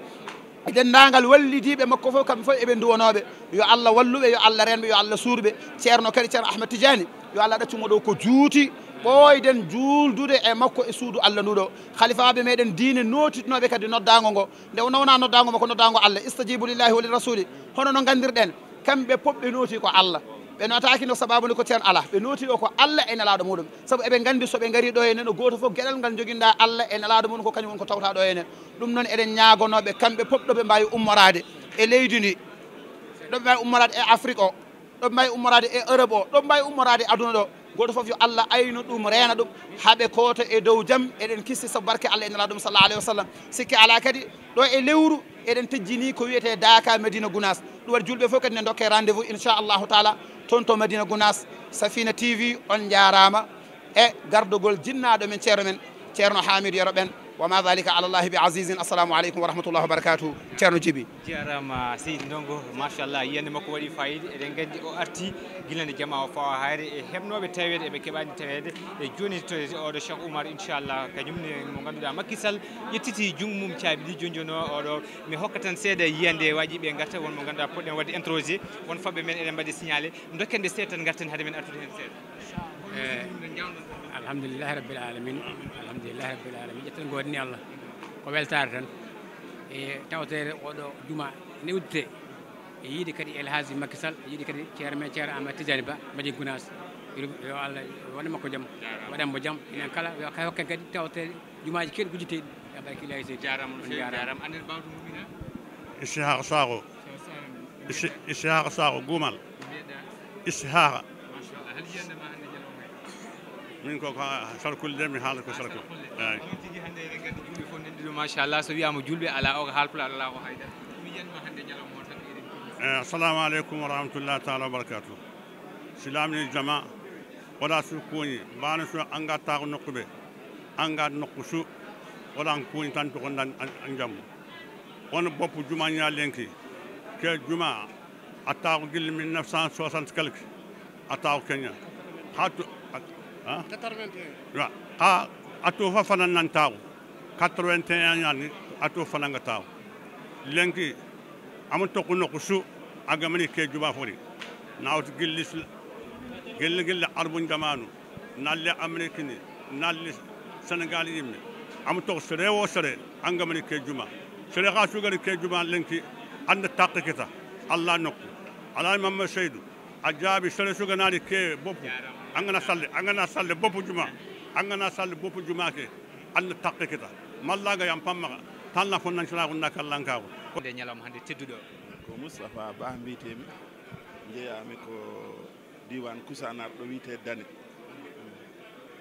dendagal wallidiɓe makko foof kamɓe foof eɓe duwanoɓe yo allah walluɓe yo allah renɓe yo allah suurɓe ceerno kadi ceerno ahmad tidiani yo allah ɗaccumo ɗo ko juuti ɓooyden juuldude e makko e suudu allah nudo khalifa be meden diine notitinoɓe kadi noddango go de wona noddago ngo ko noddago allah istajibu lillahi wali rasul hono no gandirden kambe pop noti ko allah be notaki no sababu ko tan Allah be noti ko allah e mudum sabu e be gandi so be gari ɗo henen goto foof gelal gal joginda allah e nelaɗo mun ko kanyum ko tawta do ɗo henen ɗum noon eɗen ñagonoɓe kambe pop be bayi ummorade e leydi ndi ɗoɓe mbawi ummorade e afrique ɗo mbawi ummorade e europe o ɗo mbawi ummorade aduna ɗo goto foof yo allah aynu ɗum reena ɗum haaɓe koto e dow jaam eɗen kisti saabu barke allah e nana ɗum sallah alayhi wa sallam sikki ala kadi ɗo e lewru eɗen tejjini ko wiyete daka madina gounas ɗum waɗi julɓe fof kadi ne dokke rendez vous inchallahu taala toon to madina gounas safina tv on jarama e gardogol jinnaɗo men ceerno men ceerno hamidou yero ɓen wama dalika alallahi be asisin assalamu aleykum wa rahmatullahi wa barakatu ceerno djiby jarama seydi ndongo machallah yiyande makko waɗi fayida eɗen gandi o arti guilande jama o fawa hayre e hebnoɓe tawede eɓe keeɓani tawede e jonitode oɗo cheikh oumar inchallah kañumne mo ganduɗa makkisal ƴettiti junggo mum caabi ɗi joni joni o oɗo mi hokka tan seeɗa yiyande waji ɓe garta wonmo ganduɗa poɗɗen wadde introsé won faɓɓe men eɗen mbaɗi signalé dokkenɓe seeɗa tan garten haade men artude hen seeɗa eyi الحمد لله رب العالمين الحمد لله رب العالمين جت نقولني الله قبل تارن توتر قدو جمع نودت يدي كدي الهاز مكسل يدي كدي كير ما كير أما تجربة ما جي كناس يرو الله وانا ما كجم وانا ما جم إن كلا كه كه كدي توتر جمع كير كجتين يا بارك الله يزيد جارم جارم أنا بعرف مين إشهاق صارو إشهاق صارو جمال إشهاق ما شاء الله هل جينا ما min koko sara kulliɗen mi haalata ko sara kul eyi tigi hannde eɗen gandi julɓe fof nanndi ɗo machallah so wiyama julɓe ala o ko haalpulaɗo ala o haydara ɗum yiyanma hannde ñalawma tan eɗen eyi assalamu aleykum wa rahmatullah taala wa barakatuh si laamini jama wala su kuuñi mbaano so anga taako nokku ɓe anga nokku su wala n kuuñi tan togonɗan jammu on boppu juma ña lenki ke juma a taako gilli 1960 quelque a taako keña ha to 81 ka ato fa fana nan taw 81 yani ato fana nga taw lenki am to ko no su aga mani ke juba fori nawt gillis gelle gelle arbun jamanu nalle amerikini nalle senegali yimme am to sere wo sere anga mani ke juma sere ka su ke juma lenki anda takki kita allah nokku ala mamma seydu ajabi sere su ganani ke bopu angana salle angana salle boppu juma angana salle boppu juma ke allah takke kita mallaga yam pamma tanna fon nan sala gonna kallanka ko de nyalam hande teddudo ko mustafa ba mbitemi jeyami ko diwan kusanar do wiite dane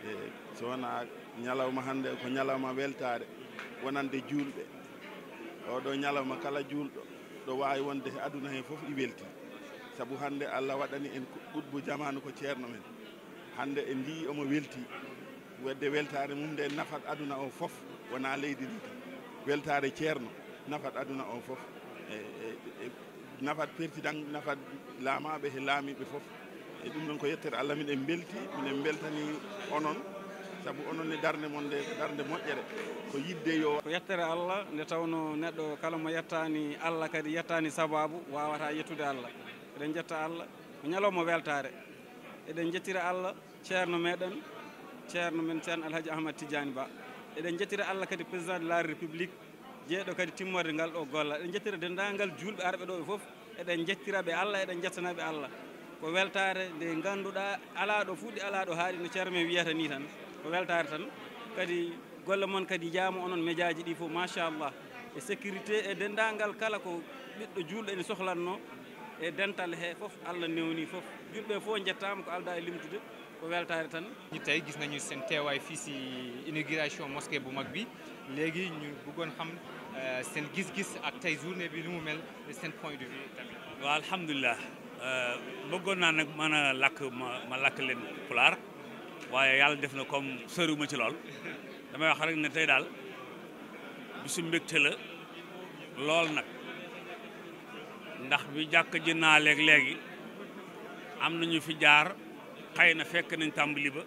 e so wona nyalawma hande ko nyalawma weltade wonande o oɗo ñalawma kala julɗo ɗo wawi wonde he aduna he fof i welti saabu hande allah waɗani en ɓuɗbu jamanu ko ceerno men hande en mbi omo welti wedde weltare mum nde nafat aduna o foof wona leydi ndi weltare ceerno nafat aduna o foof e, e, e nafat pertidan nafat laamaɓe he laamiɓe foof e ɗum ɗon ko yettere allah minen belti minen beltani onon saabu onon ne darde mon nde darde moƴƴere ko yidde yo ko yettere allah nde tawno neɗɗo kala mo yettani allah kadi yettani sababu wawata yettude allah eɗen jetta allah ko ñalawma weltare eɗen jettira allah ceerno meɗen ceerno men ceerno alhaji ahmad tidiani ba eɗen jettira allah kadi président de la république jeeɗo kadi timmorde ngal ɗo golla eɗen jettira dendagal julɓe arɓe ɗo ɓe foof eɗen jettiraɓe allah eɗen jettanaɓe allah ko weltare nde ganduɗa ala ɗo fuɗɗi ala ɗo haaɗi no ceerno men wiyata ni tan ko weltare tan kadi golle moon kadi yiyama onon médiaji ɗi fo machallah e sécurité e dendagal kala ko ɓiɗɗo julɗo ene sohlatno e dental he fof allah newni fof julɓe fof jettama ko alda e ko weltare tan tey gis nañu seen teewaay fii si inauguration mosquée bu mag bi léegi ñu bëggoon xam euh, seen gis-gis ak tey journée bi lu mu mel seen point de vue tamit waaw alhamdulilah euh, bëggoon naa nag mën lakk ma ma lakk leen pulaar waaye yàlla def na comme soriwuma ci lool damay wax rek ne tey daal bisu mbégte la lool nag ndax bi jàkk ji naa leeg léegi am na ñu fi jaar xëy na fekk nañ tàmbali ba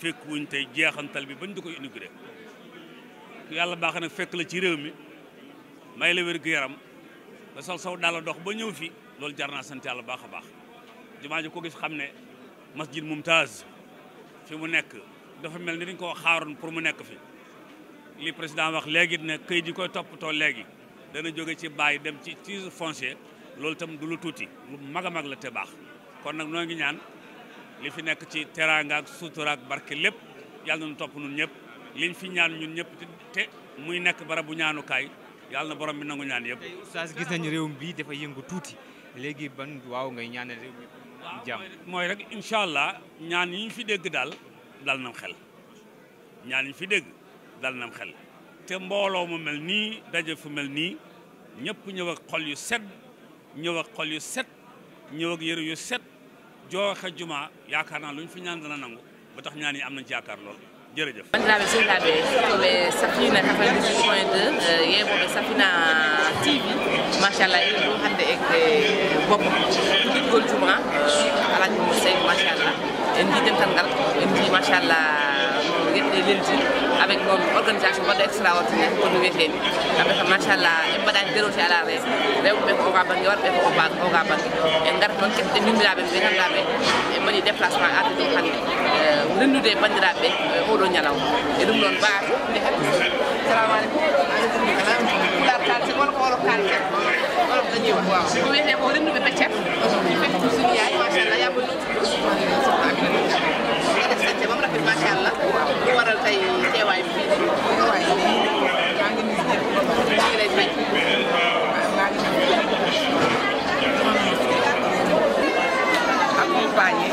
fekk wuñ tey jeexantal bi bañ du koy inauguré yàlla baax nag fekk la ci réew mi may la wér gu yaram nga sol saw dala dox ba ñëw fi loolu jar naa sant yàlla baax a baax jumaa ji ko gis xam ne masjid mumtaz fi mu nekk dafa mel ni dañ ko xaaroon pour mu nekk fi li président wax léegi ne këyit yi koy toppatoo léegi dana jóge ci bàyyi dem ci titre foncier loolu itam du lu tuuti lu mag a mag la te baax kon nag noo ngi ñaan li fi nekk ci teraanga ak sutura ak barke lépp yàlla na ñu topp ñun ñëpp liñ fi ñaan ñun ñëpp te muy nekk barab bu ñaanukaay yàlla na borom bi nangu ñaan yëpp. Oustaz gis nañu réewum bii dafa yëngu tuuti léegi ban waaw ngay ñaanal réew mi jàmm mooy rek incha allah ñaan yi ñu fi dégg daal dal nam xel ñaan yi ñu fi dégg dal nam xel te mbooloo mu mel nii daje fu mel nii ñëpp ñëw ak xol yu sedd. ñëw ak xol yu set ñëw ak yëru yu set jooxe juma yaakaar naa luñ fi ñaan dana nangu ba tax ñaan yi am nañ ci yaakaar lool jërëjëf. bandiraɓe sukaɓe sutoɓe safina euh, safina tv machallah eɗen ɗo hannde e euh, boppo kuɗitgol juma euh, alaji mo seyko machallah en mbiɗen tan ngal en mbi machallah no yeɗɗe leldi avec moom organisation pas extraordinaire pour ñu weekend ndax macha allah impadat déroché à la reine rew ɓe ko oga bangue warɓe ko oga bangue en garat noon keɓɗe numbiraɓe ɓe ganduɗaɓe e mbaɗi déplacement arde ɗum hannde rendude bandiraɓe oɗo ñalawma e ɗum noon mbaato nde hakkil salamu aleykum aleykum salam ɗar kalse wona ko wolof kalse wolof dañi wa waaw ko wiyete ko rennduɓe beccet fekk toujours yaay machallah yaɓo sànce ba mu rafet macha allah ñu waral tey teewaay bi fii maa ngi nuyu ñëpp maa ngi lay fay accompagné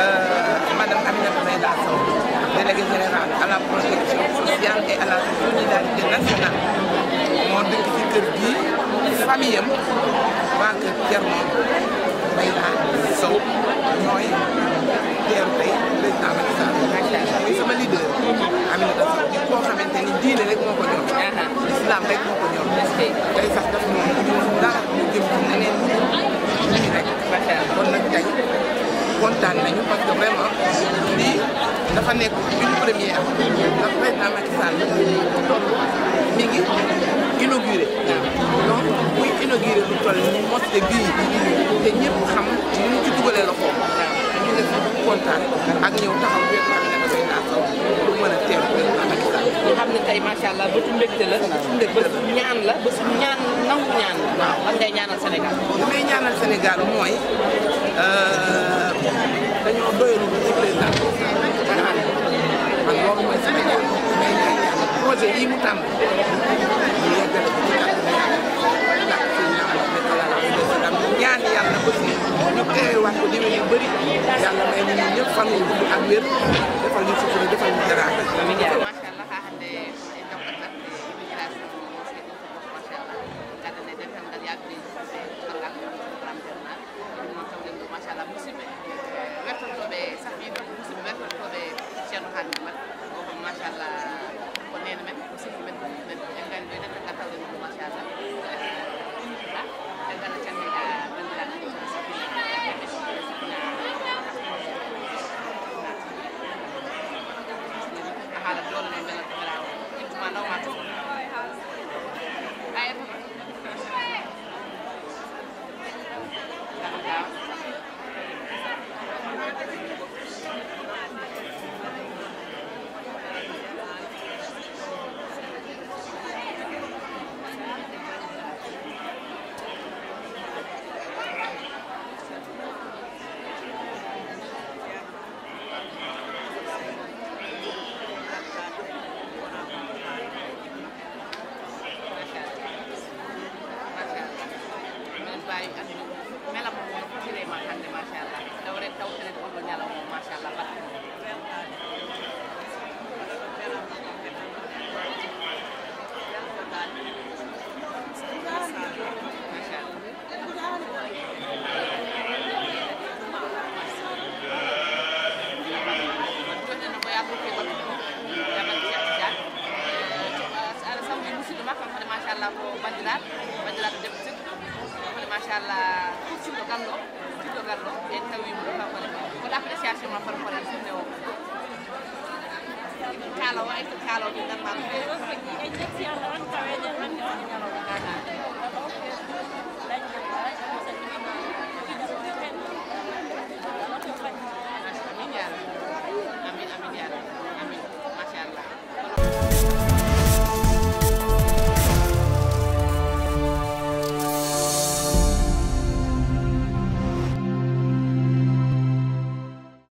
euh, madame Aminata Maïda Sow déléguée générale à la protection sociale et à la solidarité nationale moo dëkk ci kër gii famille am waa kër Thierno Maïda Sow ñooy teeru tey président sama leader. Aminata Sow koo xamante ni diine rek moo ko ñor. Uh-huh. islam rek moo ko ñor. tey sax daf moom dara ñu jëm ci neneen ñi rek. macha allah kon nag tey kontaan nañu parce que vraiment lii dafa nekk une première. ndax président Macky Sall toll mi ngi inauguré. Uh-huh. donc muy inauguré lu toll nii mosquée bii. waxtaan ak ñëw taxaw ñëw taxaw pour mën a teew ñu xam ne tey macha allah bëtu mbégte la. bëtu ñaan la bëtu ñaan nangu ñaan waaw lan ngay ñaanal Sénégal. li may ñaanal Sénégal mooy euh, dañoo doyalul ci président man loolu mooy Sénégal mu tàmbali teewaat ko déwén yu bëri yàlla may ñu ñëpp fan yu gudd ak wér defal ñu sutura defal ñu teraanga